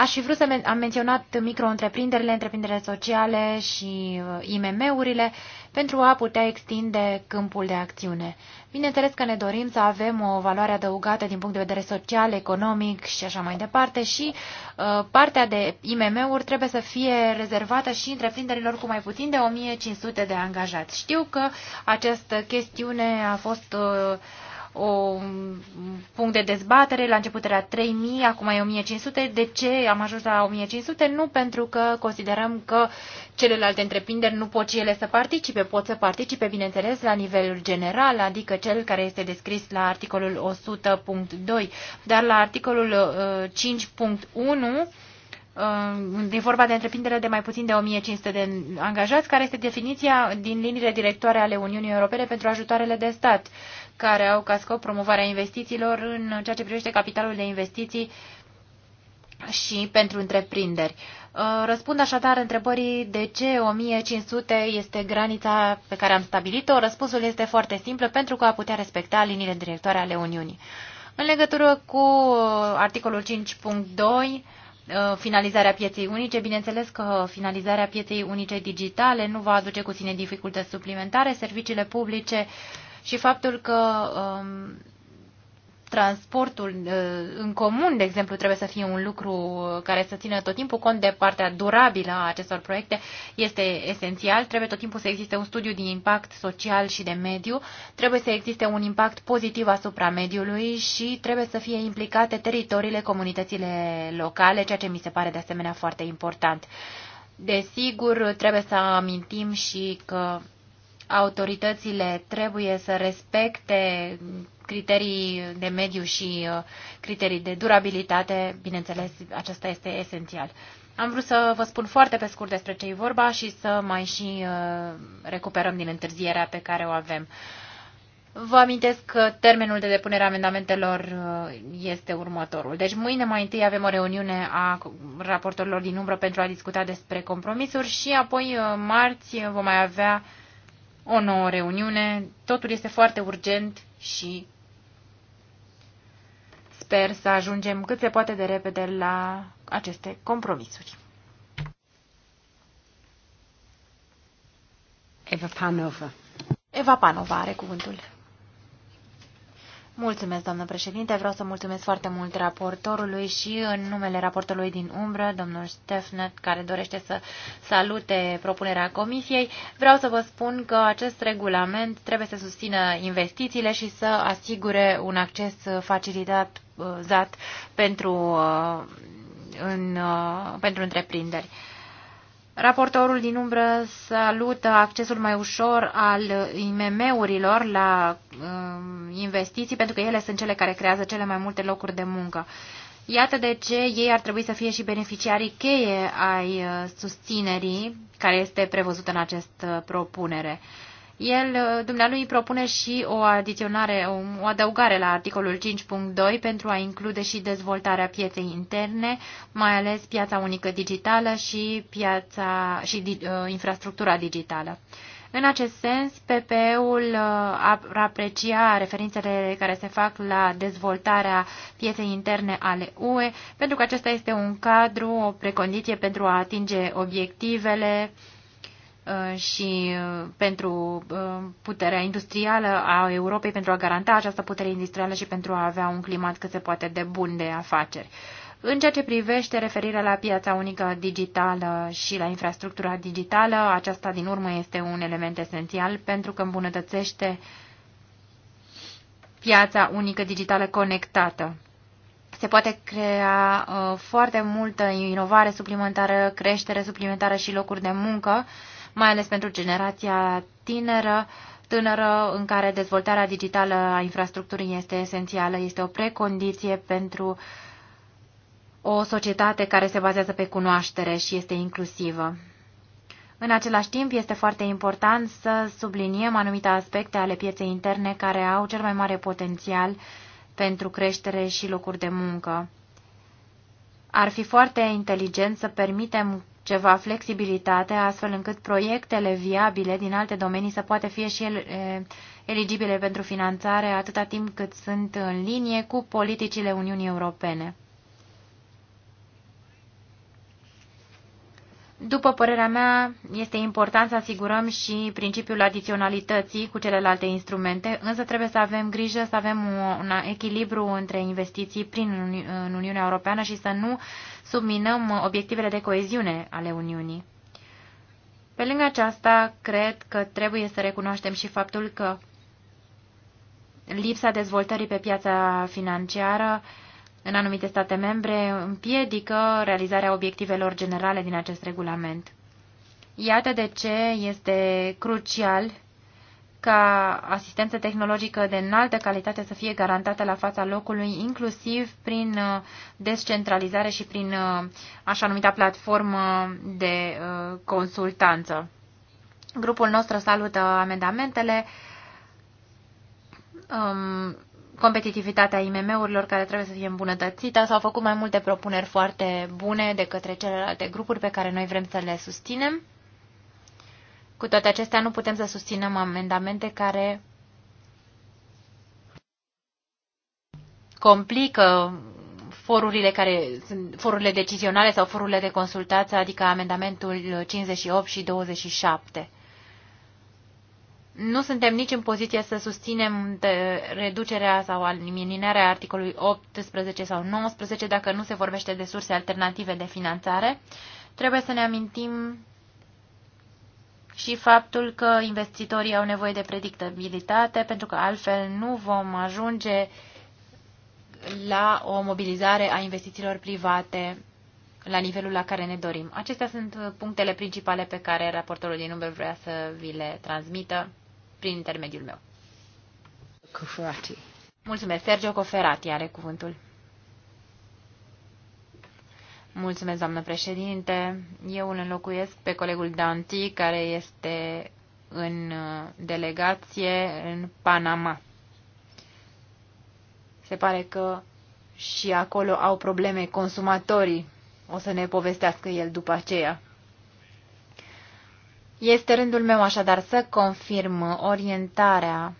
Aș fi vrut să men am menționat micro-întreprinderile, întreprinderile sociale și uh, IMM-urile pentru a putea extinde câmpul de acțiune. Bineînțeles că ne dorim să avem o valoare adăugată din punct de vedere social, economic și așa mai departe și uh, partea de IMM-uri trebuie să fie rezervată și întreprinderilor cu mai puțin de 1500 de angajați. Știu că această chestiune a fost uh, un punct de dezbatere. La început era 3000, acum e 1500. De ce am ajuns la 1500? Nu pentru că considerăm că celelalte întreprinderi nu pot și ele să participe. Pot să participe, bineînțeles, la nivelul general, adică cel care este descris la articolul 100.2. Dar la articolul 5.1 uh, uh, E vorba de întreprindere de mai puțin de 1500 de angajați, care este definiția din liniile directoare ale Uniunii Europene pentru ajutoarele de stat. Uh, care au ca scop promovarea investițiilor în ceea ce privește capitalul de investiții și pentru întreprinderi. Uh, răspund așadar întrebării de ce 1500 este granița pe care am stabilit-o. Răspunsul este foarte simplu pentru că a putea respecta liniile directoare ale Uniunii. În legătură cu uh, articolul 5.2, uh, finalizarea pieței unice. Bineînțeles că finalizarea pieței unice digitale nu va aduce cu sine dificultăți suplimentare. Serviciile publice uh, și faptul că um, transportul uh, în comun, de exemplu, trebuie să fie un lucru uh, care să țină tot timpul cont de partea durabilă a acestor proiecte, este esențial. Trebuie tot timpul să existe un studiu din impact social și de mediu, trebuie să existe un impact pozitiv asupra mediului și trebuie să fie implicate teritoriile, comunitățile locale, ceea ce mi se pare de asemenea foarte important. Desigur, trebuie să amintim și că autoritățile trebuie să respecte criterii de mediu și uh, criterii de durabilitate, bineînțeles, acesta este esențial. Am vrut să vă spun foarte pe scurt despre ce e vorba și să mai și uh, recuperăm din întârzierea pe care o avem. Vă amintesc că termenul de depunere a amendamentelor uh, este următorul. Deci mâine mai întâi avem o reuniune a raportorilor din umbră pentru a discuta despre compromisuri și apoi marți vom mai avea o nouă reuniune. Totul este foarte urgent și sper să ajungem cât se poate de repede la aceste compromisuri. Eva Panova. Eva Panova are cuvântul. Mulțumesc, doamnă președinte. Vreau să mulțumesc foarte mult raportorului și în numele raportorului din umbră, domnul Stefnet, care dorește să salute propunerea comisiei. Vreau să vă spun că acest regulament trebuie să susțină investițiile și să asigure un acces facilitat uh, pentru, uh, în, uh, pentru întreprinderi. Raportorul din umbră salută accesul mai ușor al IMM-urilor la uh, investiții, pentru că ele sunt cele care creează cele mai multe locuri de muncă. Iată de ce ei ar trebui să fie și beneficiarii cheie ai uh, susținerii care este prevăzută în această propunere. El, uh, dumnealui, propune și o adiționare, o adăugare la articolul 5.2 pentru a include și dezvoltarea pieței interne, mai ales piața unică digitală și, piața, și uh, infrastructura digitală. În acest sens, PPE-ul uh, ar aprecia referințele care se fac la dezvoltarea pieței interne ale UE, pentru că acesta este un cadru, o precondiție pentru a atinge obiectivele uh, Uh, și uh, pentru uh, puterea industrială a Europei, pentru a garanta această putere industrială și pentru a avea un climat cât se poate de bun de afaceri. În ceea ce privește referirea la piața unică digitală și la infrastructura digitală, aceasta din urmă este un element esențial pentru că îmbunătățește piața unică digitală conectată. Se poate crea uh, foarte multă inovare suplimentară, creștere suplimentară și locuri de muncă uh, mai ales pentru generația tineră, tânără în care dezvoltarea digitală a infrastructurii este esențială, este o precondiție pentru o societate care se bazează pe cunoaștere și este inclusivă. În același timp, este foarte important să subliniem anumite aspecte ale pieței interne care au cel mai mare potențial pentru creștere și locuri de muncă. Ar fi foarte inteligent să permitem ceva flexibilitate, astfel încât proiectele viabile din alte domenii să poată fi și eligibile pentru finanțare atâta timp cât sunt în linie cu politicile Uniunii Europene. După părerea mea, este important să asigurăm și principiul adiționalității cu celelalte instrumente, însă trebuie să avem grijă să avem un echilibru între investiții prin Uni în Uniunea Europeană și să nu subminăm obiectivele de coeziune ale Uniunii. Pe lângă aceasta, cred că trebuie să recunoaștem și faptul că lipsa dezvoltării pe piața financiară uh, în anumite state membre împiedică realizarea obiectivelor generale din acest regulament. Iată de ce este crucial ca asistență tehnologică de înaltă calitate să fie garantată la fața locului, inclusiv prin uh, descentralizare și prin uh, așa numita platformă de uh, consultanță. Grupul nostru salută amendamentele um, competitivitatea IMM-urilor care trebuie să fie îmbunătățită. S-au făcut mai multe propuneri foarte bune de către celelalte grupuri pe care noi vrem să le susținem. Cu toate acestea, nu putem să susținem amendamente care complică forurile, care sunt forurile decizionale sau forurile de consultație, adică amendamentul 58 și 27 nu suntem nici în poziție să susținem reducerea sau eliminarea articolului 18 sau 19 dacă nu se vorbește de surse alternative de finanțare. Trebuie să ne amintim și faptul că investitorii au nevoie de predictabilitate, pentru că altfel nu vom ajunge la o mobilizare a investițiilor private la nivelul la care ne dorim. Acestea sunt punctele principale pe care raportorul din număr vrea să vi le transmită prin intermediul meu. Coferati. Mulțumesc. Sergio Coferati are cuvântul. Mulțumesc, doamnă președinte. Eu îl înlocuiesc pe colegul Danti, care este în uh, delegație în Panama. Se pare că și acolo au probleme consumatorii. O să ne povestească el după aceea. Este rândul meu așadar să confirm orientarea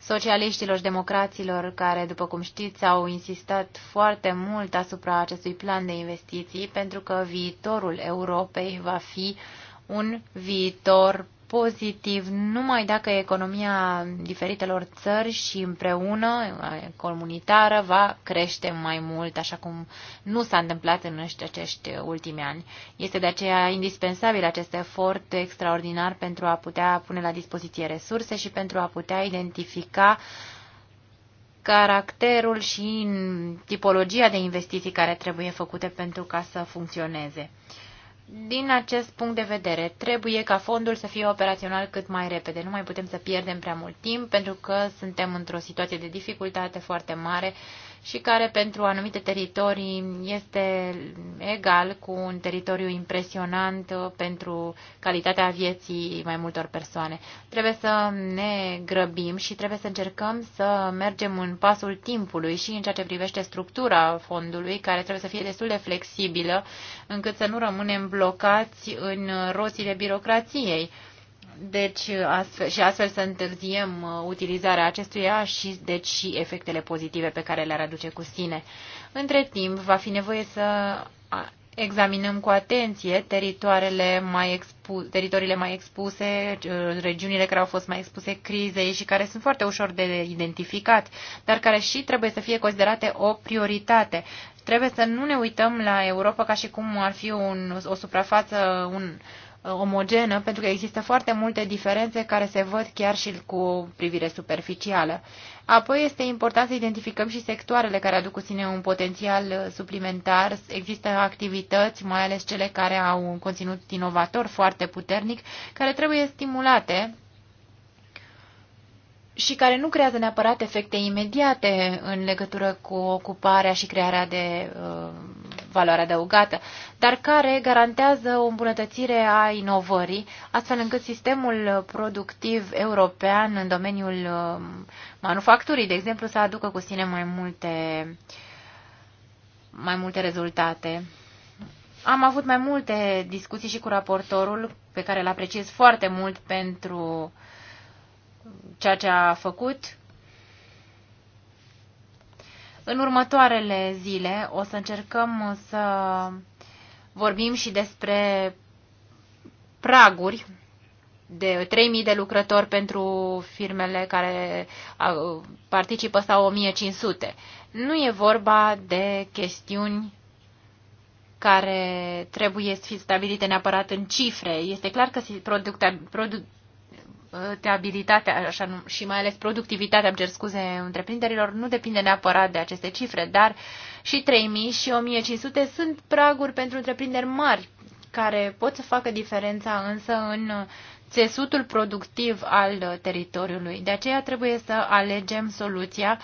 socialiștilor și democraților care, după cum știți, au insistat foarte mult asupra acestui plan de investiții pentru că viitorul Europei va fi un viitor pozitiv numai dacă economia diferitelor țări și împreună, comunitară, va crește mai mult, așa cum nu s-a întâmplat în acești ultimi ani. Este de aceea indispensabil acest efort extraordinar pentru a putea pune la dispoziție resurse și pentru a putea identifica caracterul și tipologia de investiții care trebuie făcute pentru ca să funcționeze. Din acest punct de vedere, trebuie ca fondul să fie operațional cât mai repede. Nu mai putem să pierdem prea mult timp pentru că suntem într-o situație de dificultate foarte mare și care pentru anumite teritorii este egal cu un teritoriu impresionant pentru calitatea vieții mai multor persoane. Trebuie să ne grăbim și trebuie să încercăm să mergem în pasul timpului și în ceea ce privește structura fondului, care trebuie să fie destul de flexibilă, încât să nu rămânem blocați în roțile birocrației deci, astfel, și astfel să întârziem uh, utilizarea acestuia și, deci, și efectele pozitive pe care le-ar aduce cu sine. Între timp, va fi nevoie să examinăm cu atenție teritoarele mai expu- teritoriile mai expuse, uh, regiunile care au fost mai expuse crizei și care sunt foarte ușor de identificat, dar care și trebuie să fie considerate o prioritate. Trebuie să nu ne uităm la Europa ca și cum ar fi un, o suprafață, un, Uh, omogenă, pentru că există foarte multe diferențe care se văd chiar și cu privire superficială. Apoi este important să identificăm și sectoarele care aduc cu sine un potențial uh, suplimentar. Există activități, mai ales cele care au un conținut inovator foarte puternic, care trebuie stimulate și care nu creează neapărat efecte imediate în legătură cu ocuparea și crearea de uh, valoare adăugată, dar care garantează o îmbunătățire a inovării, astfel încât sistemul productiv european în domeniul um, manufacturii, de exemplu, să aducă cu sine mai multe, mai multe rezultate. Am avut mai multe discuții și cu raportorul, pe care îl apreciez foarte mult pentru ceea ce a făcut în următoarele zile o să încercăm să vorbim și despre praguri de 3.000 de lucrători pentru firmele care participă sau 1.500. Nu e vorba de chestiuni care trebuie să fie stabilite neapărat în cifre. Este clar că profitabilitatea așa, și mai ales productivitatea, îmi cer scuze, întreprinderilor nu depinde neapărat de aceste cifre, dar și 3000 și 1500 sunt praguri pentru întreprinderi mari care pot să facă diferența însă în țesutul productiv al teritoriului. De aceea trebuie să alegem soluția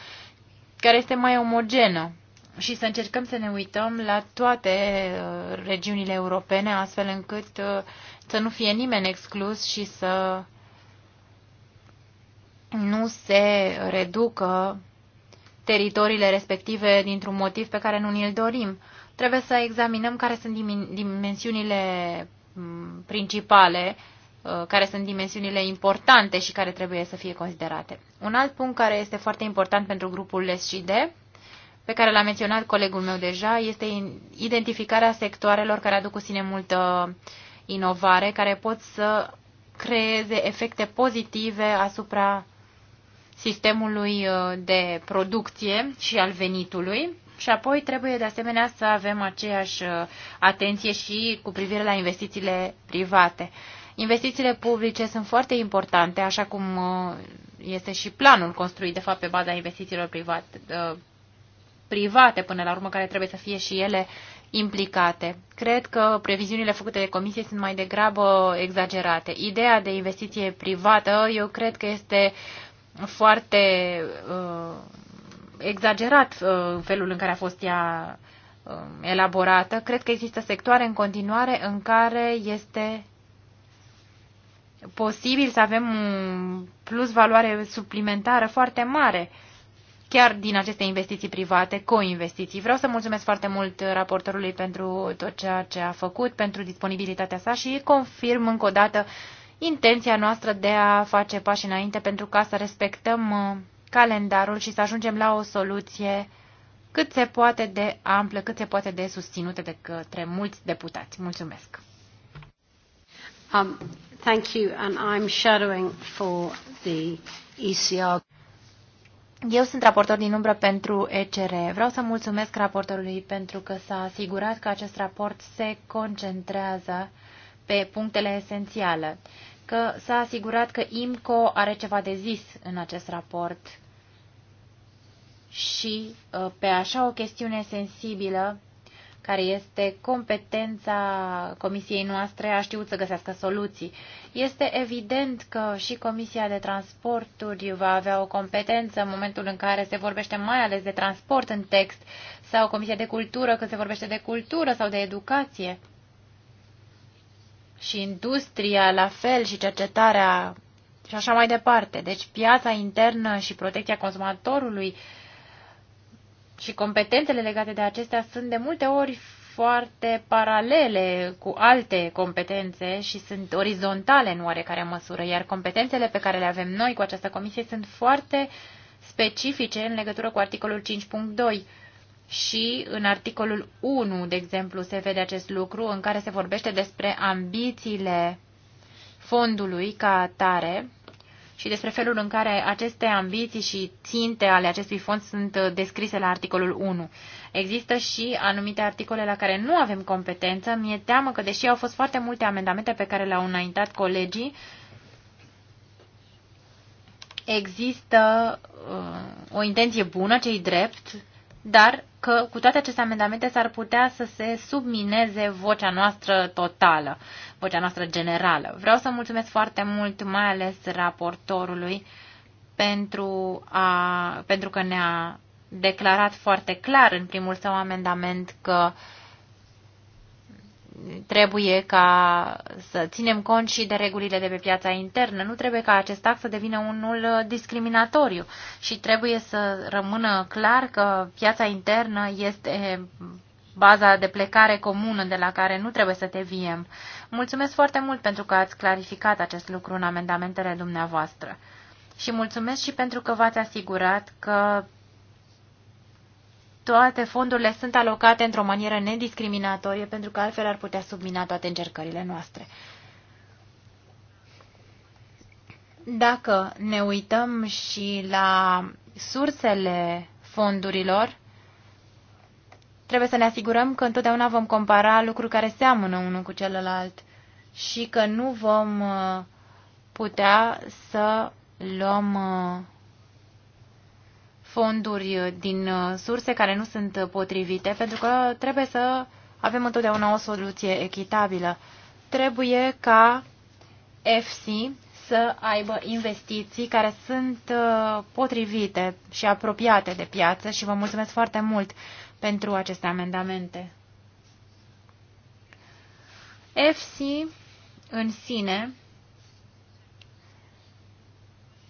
care este mai omogenă și să încercăm să ne uităm la toate uh, regiunile europene, astfel încât uh, să nu fie nimeni exclus și să nu se reducă teritoriile respective dintr-un motiv pe care nu ni-l dorim. Trebuie să examinăm care sunt dimensiunile principale, uh, care sunt dimensiunile importante și care trebuie să fie considerate. Un alt punct care este foarte important pentru grupul SCD, pe care l-a menționat colegul meu deja, este identificarea sectoarelor care aduc cu sine multă inovare, care pot să creeze efecte pozitive asupra sistemului uh, de producție și al venitului. Și apoi trebuie de asemenea să avem aceeași uh, atenție și cu privire la investițiile private. Investițiile publice sunt foarte importante, așa cum uh, este și planul construit, de fapt, pe baza investițiilor private, private până la urmă, care trebuie să fie și ele implicate. Cred că previziunile făcute de comisie sunt mai degrabă exagerate. Ideea de investiție privată, eu cred că este foarte uh, exagerat uh, felul în care a fost ea uh, elaborată. Cred că există sectoare în continuare în care este posibil să avem un plus valoare suplimentară foarte mare chiar din aceste investiții private, co-investiții. Vreau să mulțumesc foarte mult raportorului pentru tot ceea ce a făcut, pentru disponibilitatea sa și confirm încă o dată uh, intenția noastră de a face pași înainte pentru ca să respectăm uh, calendarul și să ajungem la o soluție cât se poate de amplă, cât se poate de susținută de către mulți deputați. Mulțumesc! Um, thank you, and I'm shadowing for the ECR. Eu sunt raportor din umbră pentru ECR. Vreau să mulțumesc raportorului pentru că s-a asigurat că acest raport se concentrează pe punctele esențiale că s-a asigurat că IMCO are ceva de zis în acest raport și uh, pe așa o chestiune sensibilă care este competența comisiei noastre, a știut să găsească soluții. Este evident că și Comisia de Transporturi va avea o competență în momentul în care se vorbește mai ales de transport în text, sau Comisia de Cultură când se vorbește de cultură sau de educație și industria la fel și cercetarea și așa mai departe. Deci piața internă și protecția consumatorului și competențele legate de acestea sunt de multe ori foarte paralele cu alte competențe și sunt orizontale în oarecare măsură, iar competențele pe care le avem noi cu această comisie sunt foarte specifice în legătură cu articolul 5.2 și în articolul 1, de exemplu, se vede acest lucru în care se vorbește despre ambițiile fondului ca atare și despre felul în care aceste ambiții și ținte ale acestui fond sunt uh, descrise la articolul 1. Există și anumite articole la care nu avem competență. Mi-e teamă că, deși au fost foarte multe amendamente pe care le-au înaintat colegii, există uh, o intenție bună, cei drept, dar că cu toate aceste amendamente s-ar putea să se submineze vocea noastră totală, vocea noastră generală. Vreau să mulțumesc foarte mult, mai ales raportorului, pentru, a, pentru că ne-a declarat foarte clar în primul său amendament că uh, trebuie ca să ținem cont și de regulile de pe piața internă. Nu trebuie ca acest act să devină unul discriminatoriu și trebuie să rămână clar că piața internă este baza de plecare comună de la care nu trebuie să viem Mulțumesc foarte mult pentru că ați clarificat acest lucru în amendamentele dumneavoastră. Și mulțumesc și pentru că v-ați asigurat că toate fondurile sunt alocate într-o manieră nediscriminatorie, pentru că altfel ar putea submina toate încercările noastre. Dacă ne uităm și la sursele fondurilor, trebuie să ne asigurăm că întotdeauna vom compara lucruri care seamănă unul cu celălalt și că nu vom uh, putea să luăm uh, fonduri uh, din uh, surse care nu sunt uh, potrivite, pentru că trebuie să avem întotdeauna o soluție echitabilă. Trebuie ca FC să aibă investiții care sunt potrivite și apropiate de piață și vă mulțumesc foarte mult pentru aceste amendamente. FC în sine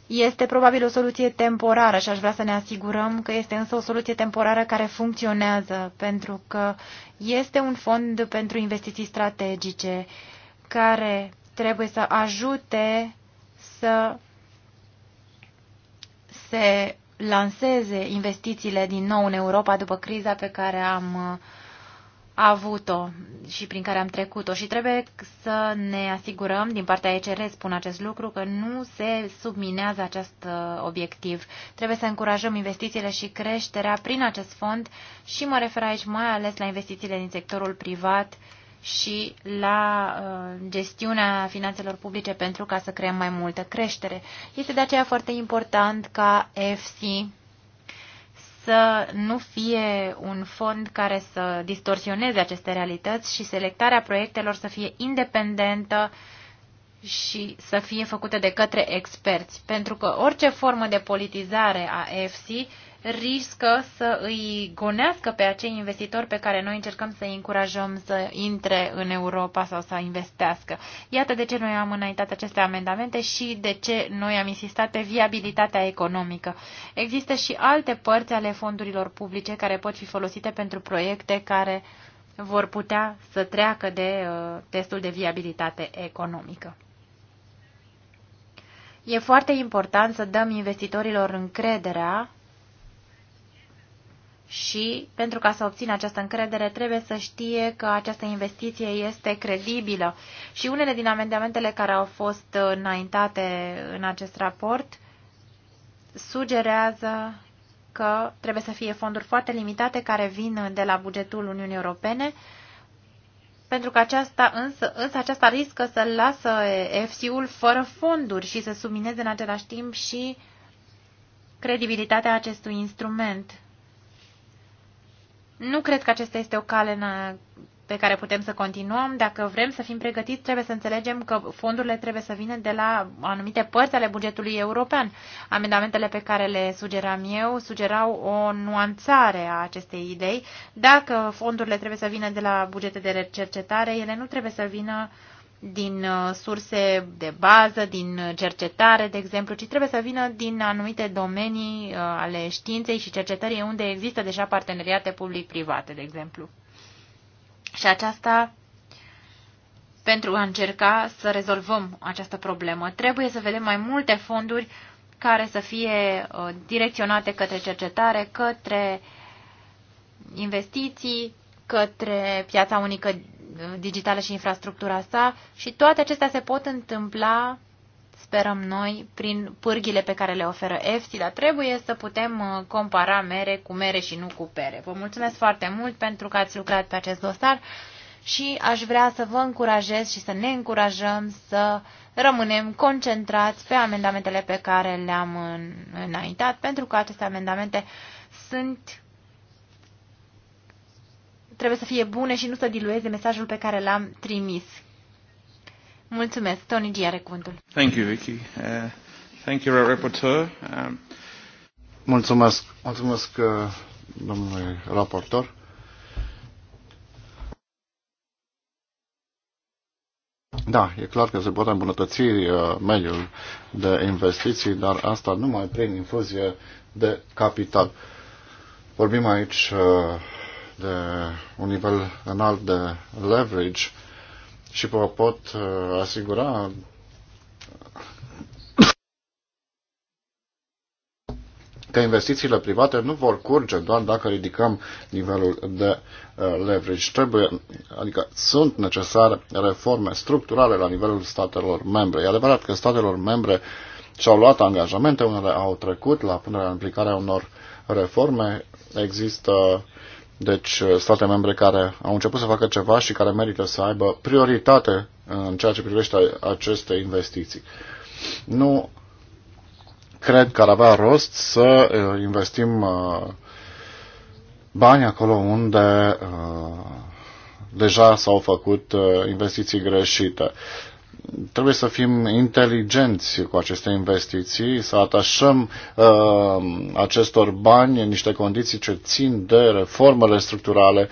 este probabil o soluție temporară și aș vrea să ne asigurăm că este însă o soluție temporară care funcționează, pentru că este un fond pentru investiții strategice care trebuie să ajute să se lanseze investițiile din nou în Europa după criza pe care am uh, avut-o și prin care am trecut-o și trebuie să ne asigurăm, din partea ECR spun acest lucru, că nu se subminează acest uh, obiectiv. Trebuie să încurajăm investițiile și creșterea prin acest fond și mă refer aici mai ales la investițiile din sectorul privat și la uh, gestiunea finanțelor publice pentru ca să creăm mai multă creștere. Este de aceea foarte important ca EFSI să nu fie un fond care să distorsioneze aceste realități și selectarea proiectelor să fie independentă și să fie făcută de către experți, pentru că orice formă de politizare a EFSI riscă să îi gonească pe acei investitori pe care noi încercăm să îi încurajăm să intre în Europa sau să investească. Iată de ce noi am înaintat aceste amendamente și de ce noi am insistat pe viabilitatea economică. Există și alte părți ale fondurilor publice care pot fi folosite pentru proiecte care vor putea să treacă de uh, testul de viabilitate economică. E foarte important să dăm investitorilor încrederea și pentru ca să obțină această încredere trebuie să știe că această investiție este credibilă. Și unele din amendamentele care au fost înaintate în acest raport sugerează că trebuie să fie fonduri foarte limitate care vin de la bugetul Uniunii Europene, pentru că aceasta însă, însă aceasta riscă să lasă FCU-ul fără fonduri și să submineze în același timp și credibilitatea acestui instrument. Nu cred că acesta este o cale pe care putem să continuăm. Dacă vrem să fim pregătiți, trebuie să înțelegem că fondurile trebuie să vină de la anumite părți ale bugetului european. Amendamentele pe care le sugeram eu sugerau o nuanțare a acestei idei. Dacă fondurile trebuie să vină de la bugete de cercetare, ele nu trebuie să vină uh, din uh, surse de bază, din uh, cercetare, de exemplu, ci trebuie să vină din anumite domenii uh, ale științei și cercetării unde există deja parteneriate public-private, de exemplu. Și aceasta pentru a încerca să rezolvăm această problemă. Trebuie să vedem mai multe fonduri care să fie direcționate către cercetare, către investiții, către piața unică digitală și infrastructura sa și toate acestea se pot întâmpla, sperăm noi, prin pârghile pe care le oferă EFSI, dar trebuie să putem uh, compara mere cu mere și nu cu pere. Vă mulțumesc foarte mult pentru că ați lucrat pe acest dosar și aș vrea să vă încurajez și să ne încurajăm să rămânem concentrați pe amendamentele pe care le-am înaintat, pentru că aceste amendamente sunt trebuie să fie bune și nu să dilueze mesajul pe care l-am trimis. Mulțumesc. Tony G. are cuvântul. Thank you, Vicky. Uh, thank you, reporter. Um... Mulțumesc. Mulțumesc, uh, domnule raportor. Da, e clar că se poate îmbunătăți uh, mediul de investiții, dar asta numai prin infuzie de capital. Vorbim aici uh, de un nivel înalt de leverage și vă pot uh, asigura că investițiile private nu vor curge doar dacă ridicăm nivelul de uh, leverage. Trebuie, adică sunt necesare reforme structurale la nivelul statelor membre. E adevărat că statelor membre și-au luat angajamente, unele au trecut la punerea în aplicare a unor reforme. Există deci, uh, state membre care au început să facă ceva și care merită să aibă prioritate uh, în ceea ce privește aceste investiții. Nu cred că ar avea rost să uh, investim bani acolo unde deja s-au făcut investiții greșite trebuie să fim inteligenți cu aceste investiții, să atașăm uh, acestor bani în niște condiții ce țin de reformele structurale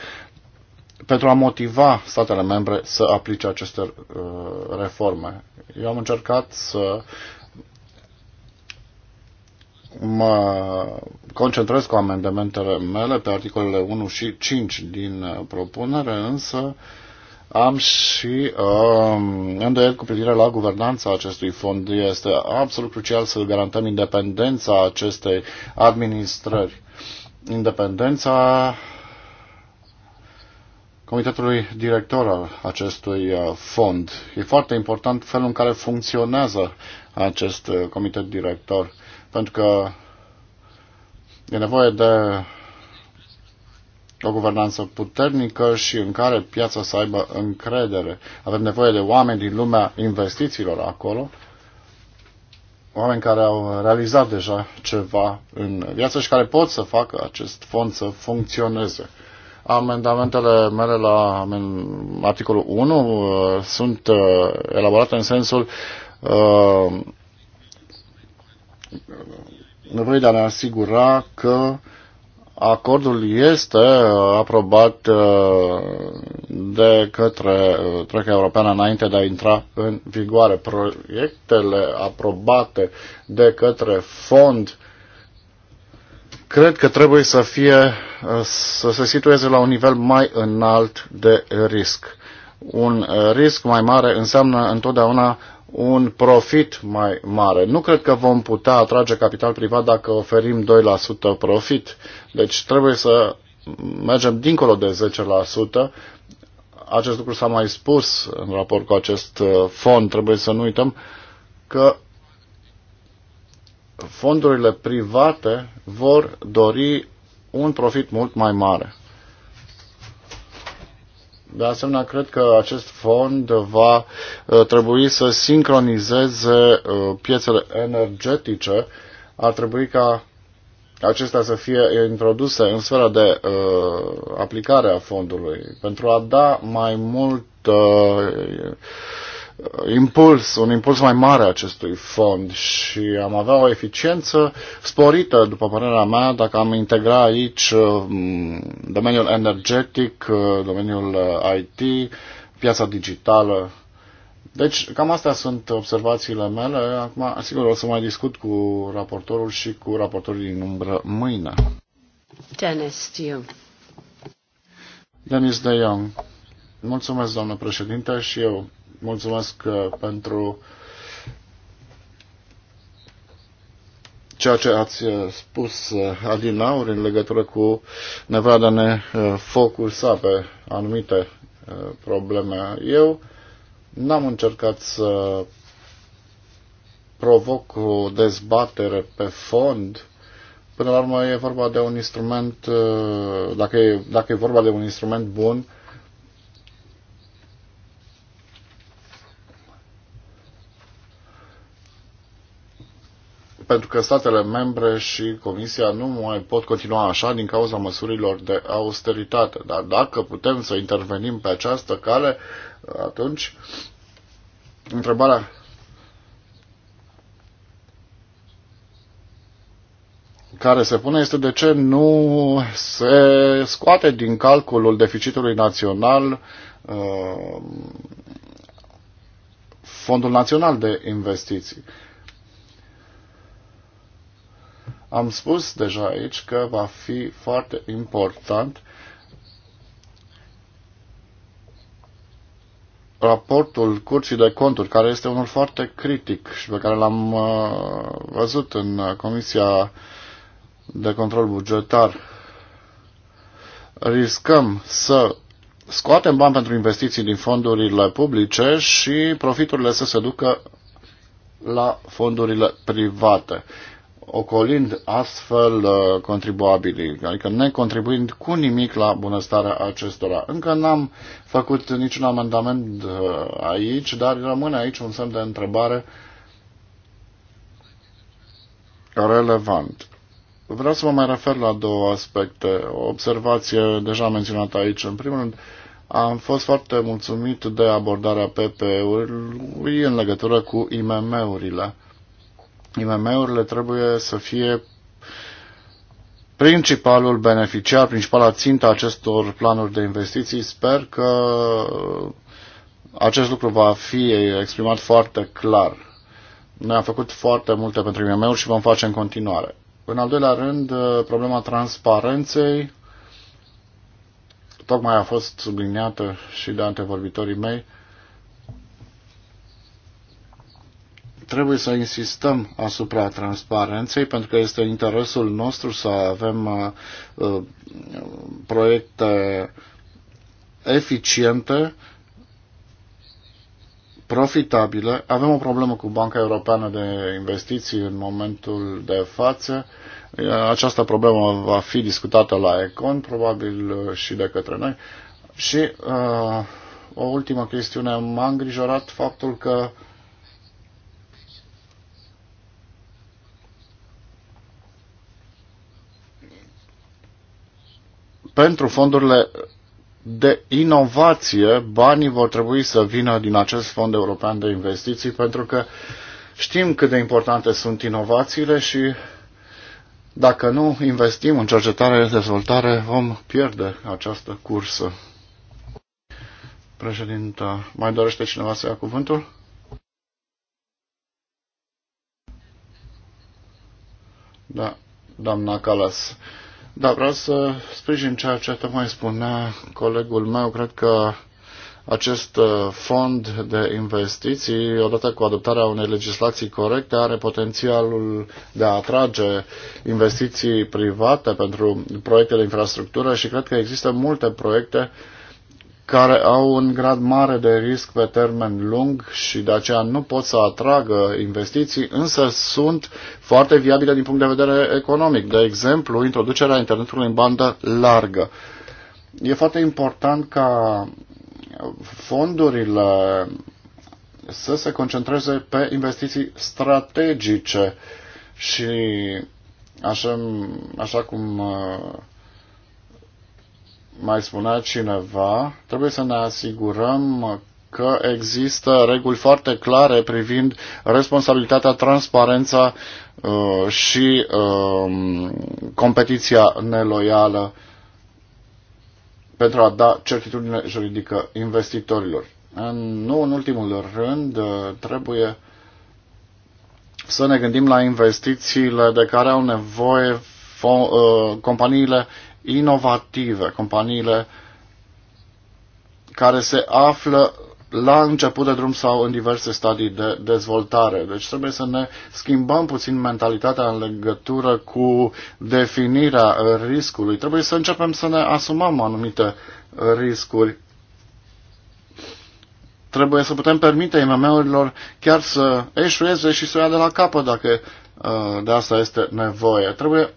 pentru a motiva statele membre să aplice aceste uh, reforme. Eu am încercat să mă concentrez cu amendamentele mele pe articolele 1 și 5 din uh, propunere, însă uh, am și um, îndoieli cu privire la guvernanța acestui fond. Este absolut crucial să garantăm independența acestei administrări. Independența comitetului director al acestui uh, fond. E foarte important felul în care funcționează acest uh, comitet director, pentru că e nevoie de o guvernanță puternică și în care piața să aibă încredere. Avem nevoie de oameni din lumea investițiilor acolo, oameni care au realizat deja ceva în viață și care pot să facă acest fond să funcționeze. Amendamentele mele la articolul 1 uh, sunt uh, elaborate în sensul uh, nevoie de a ne asigura că uh, Acordul este uh, aprobat uh, de către uh, Troica Europeană înainte de a intra în vigoare. Proiectele aprobate de către fond cred că trebuie să fie să se situeze la un nivel mai înalt de risc. Un risc mai mare înseamnă întotdeauna un profit mai mare. Nu cred că vom putea atrage capital privat dacă oferim 2% profit deci trebuie să mergem dincolo de 10%. Acest lucru s-a mai spus în raport cu acest uh, fond. Trebuie să nu uităm că fondurile private vor dori un profit mult mai mare. De asemenea, cred că acest fond va uh, trebui să sincronizeze uh, piețele energetice. Ar trebui ca acestea să fie introduse în sfera de uh, aplicare a fondului pentru a da mai mult uh, impuls, un impuls mai mare acestui fond și am avea o eficiență sporită, după părerea mea, dacă am integra aici uh, domeniul energetic, uh, domeniul uh, IT, piața digitală deci, cam astea sunt observațiile mele. Acum, sigur, o să mai discut cu raportorul și cu raportorii din umbră mâine. Dennis de Jong. Dennis de Jong. Mulțumesc, doamnă președinte, și eu mulțumesc uh, pentru ceea ce ați uh, spus, uh, Adinauri, în legătură cu nevoia de a ne focusa pe anumite probleme. Eu N-am încercat să provoc o dezbatere pe fond. Până la urmă e vorba de un instrument, uh, dacă e, dacă e vorba de un instrument bun, pentru că statele membre și Comisia nu mai pot continua așa din cauza măsurilor de austeritate. Dar dacă putem să intervenim pe această cale, atunci întrebarea care se pune este de ce nu se scoate din calculul deficitului național uh, Fondul Național de Investiții. Am spus deja aici că va fi foarte important raportul Curții de Conturi, care este unul foarte critic și pe care l-am uh, văzut în Comisia de Control Bugetar. Riscăm să scoatem bani pentru investiții din fondurile publice și profiturile să se ducă la fondurile private ocolind astfel uh, contribuabilii, adică ne contribuind cu nimic la bunăstarea acestora. Încă n-am făcut niciun amendament uh, aici, dar rămâne aici un semn de întrebare relevant. Vreau să vă mai refer la două aspecte. O observație deja menționată aici. În primul rând, am fost foarte mulțumit de abordarea ppe ului în legătură cu IMM-urile. IMM-urile trebuie să fie principalul beneficiar, principala țintă acestor planuri de investiții. Sper că acest lucru va fi exprimat foarte clar. Noi am făcut foarte multe pentru IMM-uri și vom face în continuare. În al doilea rând, problema transparenței tocmai a fost subliniată și de antevorbitorii mei. trebuie să insistăm asupra transparenței pentru că este interesul nostru să avem uh, uh, proiecte eficiente, profitabile. Avem o problemă cu Banca Europeană de Investiții în momentul de față. Această problemă va fi discutată la Econ, probabil uh, și de către noi. Și uh, o ultimă chestiune, m-a îngrijorat faptul că uh, pentru fondurile de inovație, banii vor trebui să vină din acest fond european de investiții, pentru că știm cât de importante sunt inovațiile și dacă nu investim în cercetare și dezvoltare, vom pierde această cursă. Președinta, mai dorește cineva să ia cuvântul? Da, doamna Calas. Da, vreau să sprijin ceea ce tocmai spunea colegul meu. Cred că acest uh, fond de investiții, odată cu adoptarea unei legislații corecte, are potențialul de a atrage investiții private pentru proiecte de infrastructură și cred că există multe proiecte uh, care au un grad mare de risc pe termen lung și de aceea nu pot să atragă investiții, însă sunt foarte viabile din punct de vedere economic. De exemplu, introducerea internetului în bandă largă. E foarte important ca fondurile să se concentreze pe investiții strategice și așa, așa cum uh, mai spunea cineva, trebuie să ne asigurăm că există reguli foarte clare privind responsabilitatea, transparența uh, și uh, competiția neloială pentru a da certitudine juridică investitorilor. În, nu în ultimul rând, uh, trebuie să ne gândim la investițiile de care au nevoie uh, companiile inovative, companiile care se află la început de drum sau în diverse stadii de dezvoltare. Deci trebuie să ne schimbăm puțin mentalitatea în legătură cu definirea riscului. Trebuie să începem să ne asumăm anumite riscuri. Trebuie să putem permite IMM-urilor chiar să eșueze și să o ia de la capăt dacă uh, de asta este nevoie. Trebuie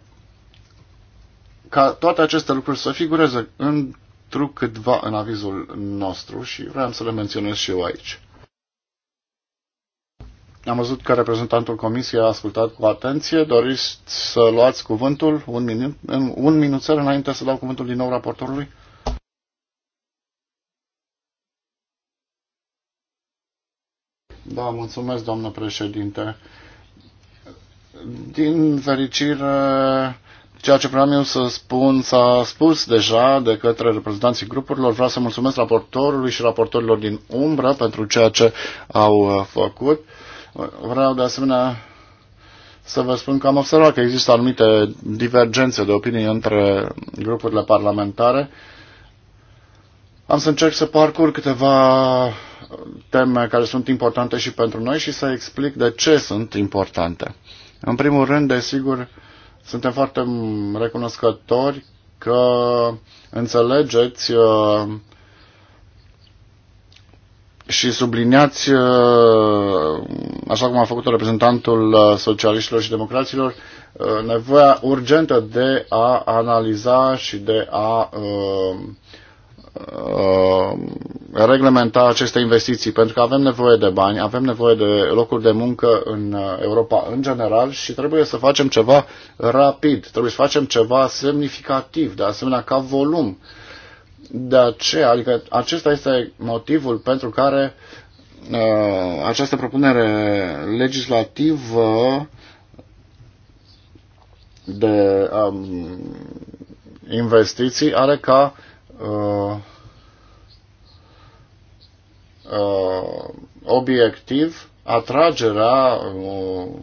ca toate aceste lucruri să figureze într-o câtva în avizul nostru și vreau să le menționez și eu aici. Am văzut că reprezentantul comisiei a ascultat cu atenție. Doriți să luați cuvântul un minut, în un minuțel înainte să dau cuvântul din nou raportorului? Da, mulțumesc, doamnă președinte. Din fericire, Ceea ce vreau eu să spun s-a spus deja de către reprezentanții grupurilor. Vreau să mulțumesc raportorului și raportorilor din umbră pentru ceea ce au uh, făcut. Vreau de asemenea să vă spun că am observat că există anumite divergențe de opinie între grupurile parlamentare. Am să încerc să parcurg câteva teme care sunt importante și pentru noi și să explic de ce sunt importante. În primul rând, desigur, suntem foarte recunoscători că înțelegeți uh, și subliniați, uh, așa cum a făcut reprezentantul uh, socialiștilor și democraților, nevoia urgentă de a analiza și de a uh, Uh, reglementa aceste investiții, pentru că avem nevoie de bani, avem nevoie de locuri de muncă în uh, Europa în general și trebuie să facem ceva rapid, trebuie să facem ceva semnificativ, de asemenea ca volum. De aceea, adică acesta este motivul pentru care uh, această propunere legislativă de um, investiții are ca uh, Uh, uh, obiectiv atragerea uh,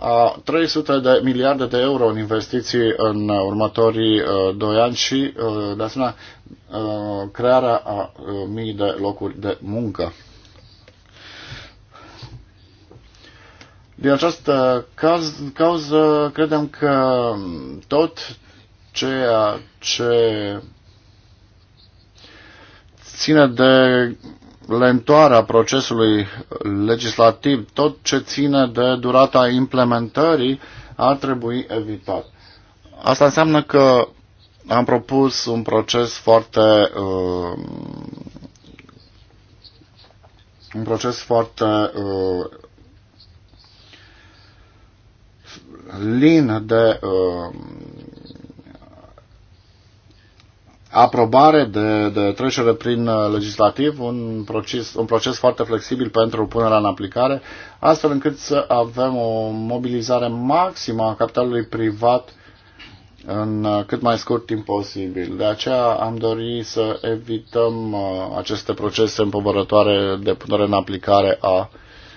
a 300 de miliarde de euro în investiții în următorii uh, doi ani și, uh, de asemenea, uh, crearea a uh, mii de locuri de muncă. Din această caz, cauză, credem că tot ceea ce ține de lentoarea procesului legislativ, tot ce ține de durata implementării, ar trebui evitat. Asta înseamnă că am propus un proces foarte uh, un proces foarte uh, lin de uh, aprobare, de, de trecere prin uh, legislativ, un proces, un proces foarte flexibil pentru punerea în aplicare, astfel încât să avem o mobilizare maximă a capitalului privat în uh, cât mai scurt timp posibil. De aceea am dorit să evităm uh, aceste procese împovărătoare de punere în aplicare a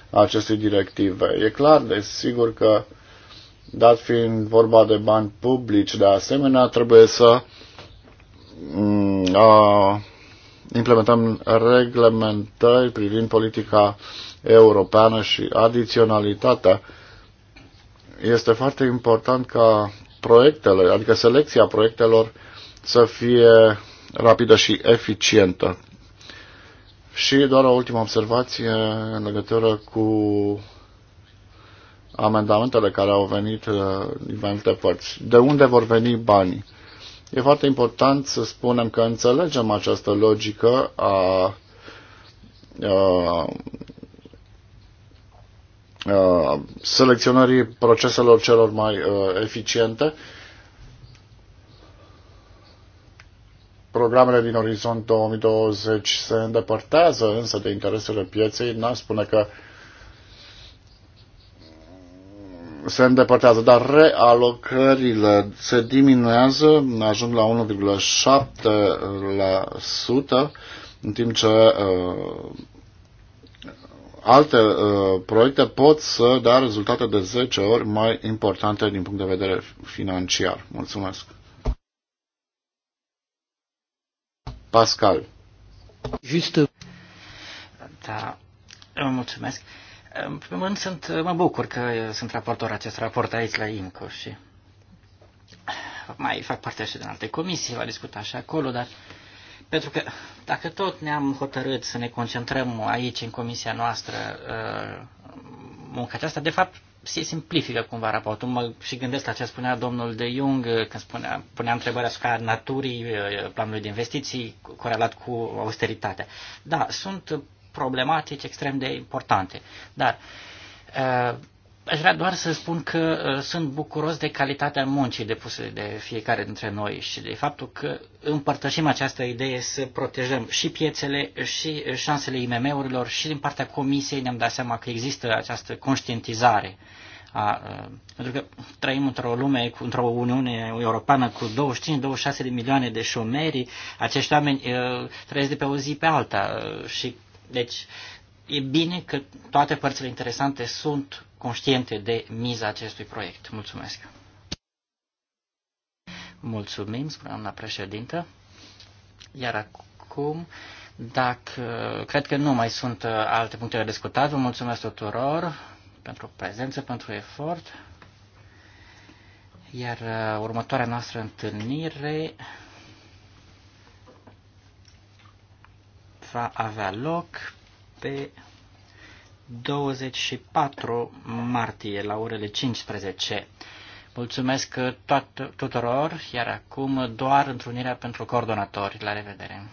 acestei directive. E clar, desigur că Dat fiind vorba de bani publici, de asemenea, trebuie să uh, implementăm reglementări privind politica europeană și adiționalitatea. Este foarte important ca proiectele, adică selecția proiectelor să fie rapidă și eficientă. Și doar o ultimă observație în legătură cu amendamentele care au venit uh, din mai multe părți. De unde vor veni banii? E foarte important să spunem că înțelegem această logică a, a, a selecționării proceselor celor mai a, uh, eficiente. Programele din Orizont 2020 se îndepărtează însă de interesele pieței. N-ar spune că se îndepărtează, dar realocările se diminuează, ajung la 1,7%, în timp ce uh, alte uh, proiecte pot să dea rezultate de 10 ori mai importante din punct de vedere financiar. Mulțumesc! Pascal. Just. Da, mulțumesc. Uh, în primul rând, sunt, mă bucur că sunt raportor acest raport aici la IMCO și mai fac parte și din alte comisii, va discuta și acolo, dar pentru că dacă tot ne-am hotărât să ne concentrăm aici, în comisia noastră, uh, munca aceasta, de fapt, se simplifică cumva raportul. Mă și gândesc la ce spunea domnul de Jung uh, când spunea, punea întrebarea asupra naturii uh, planului de investiții corelat cu austeritatea. Da, sunt problematici extrem de importante. Dar uh, aș vrea doar să spun că uh, sunt bucuros de calitatea muncii depuse de fiecare dintre noi și de faptul că împărtășim această idee să protejăm și piețele și șansele IMM-urilor și din partea comisiei ne-am dat seama că există această conștientizare. A, uh, pentru că trăim într-o lume, într-o Uniune Europeană cu 25-26 de milioane de șomeri, acești oameni trăiesc de pe o zi pe alta și deci, e bine că toate părțile interesante sunt conștiente de miza acestui proiect. Mulțumesc! Mulțumim, spune doamna președintă. Iar acum, dacă cred că nu mai sunt alte puncte de discutat, vă mulțumesc tuturor pentru prezență, pentru efort. Iar uh, următoarea noastră întâlnire va avea loc pe 24 martie la orele 15. Mulțumesc toat, tuturor, iar acum doar întrunirea pentru coordonatori. La revedere!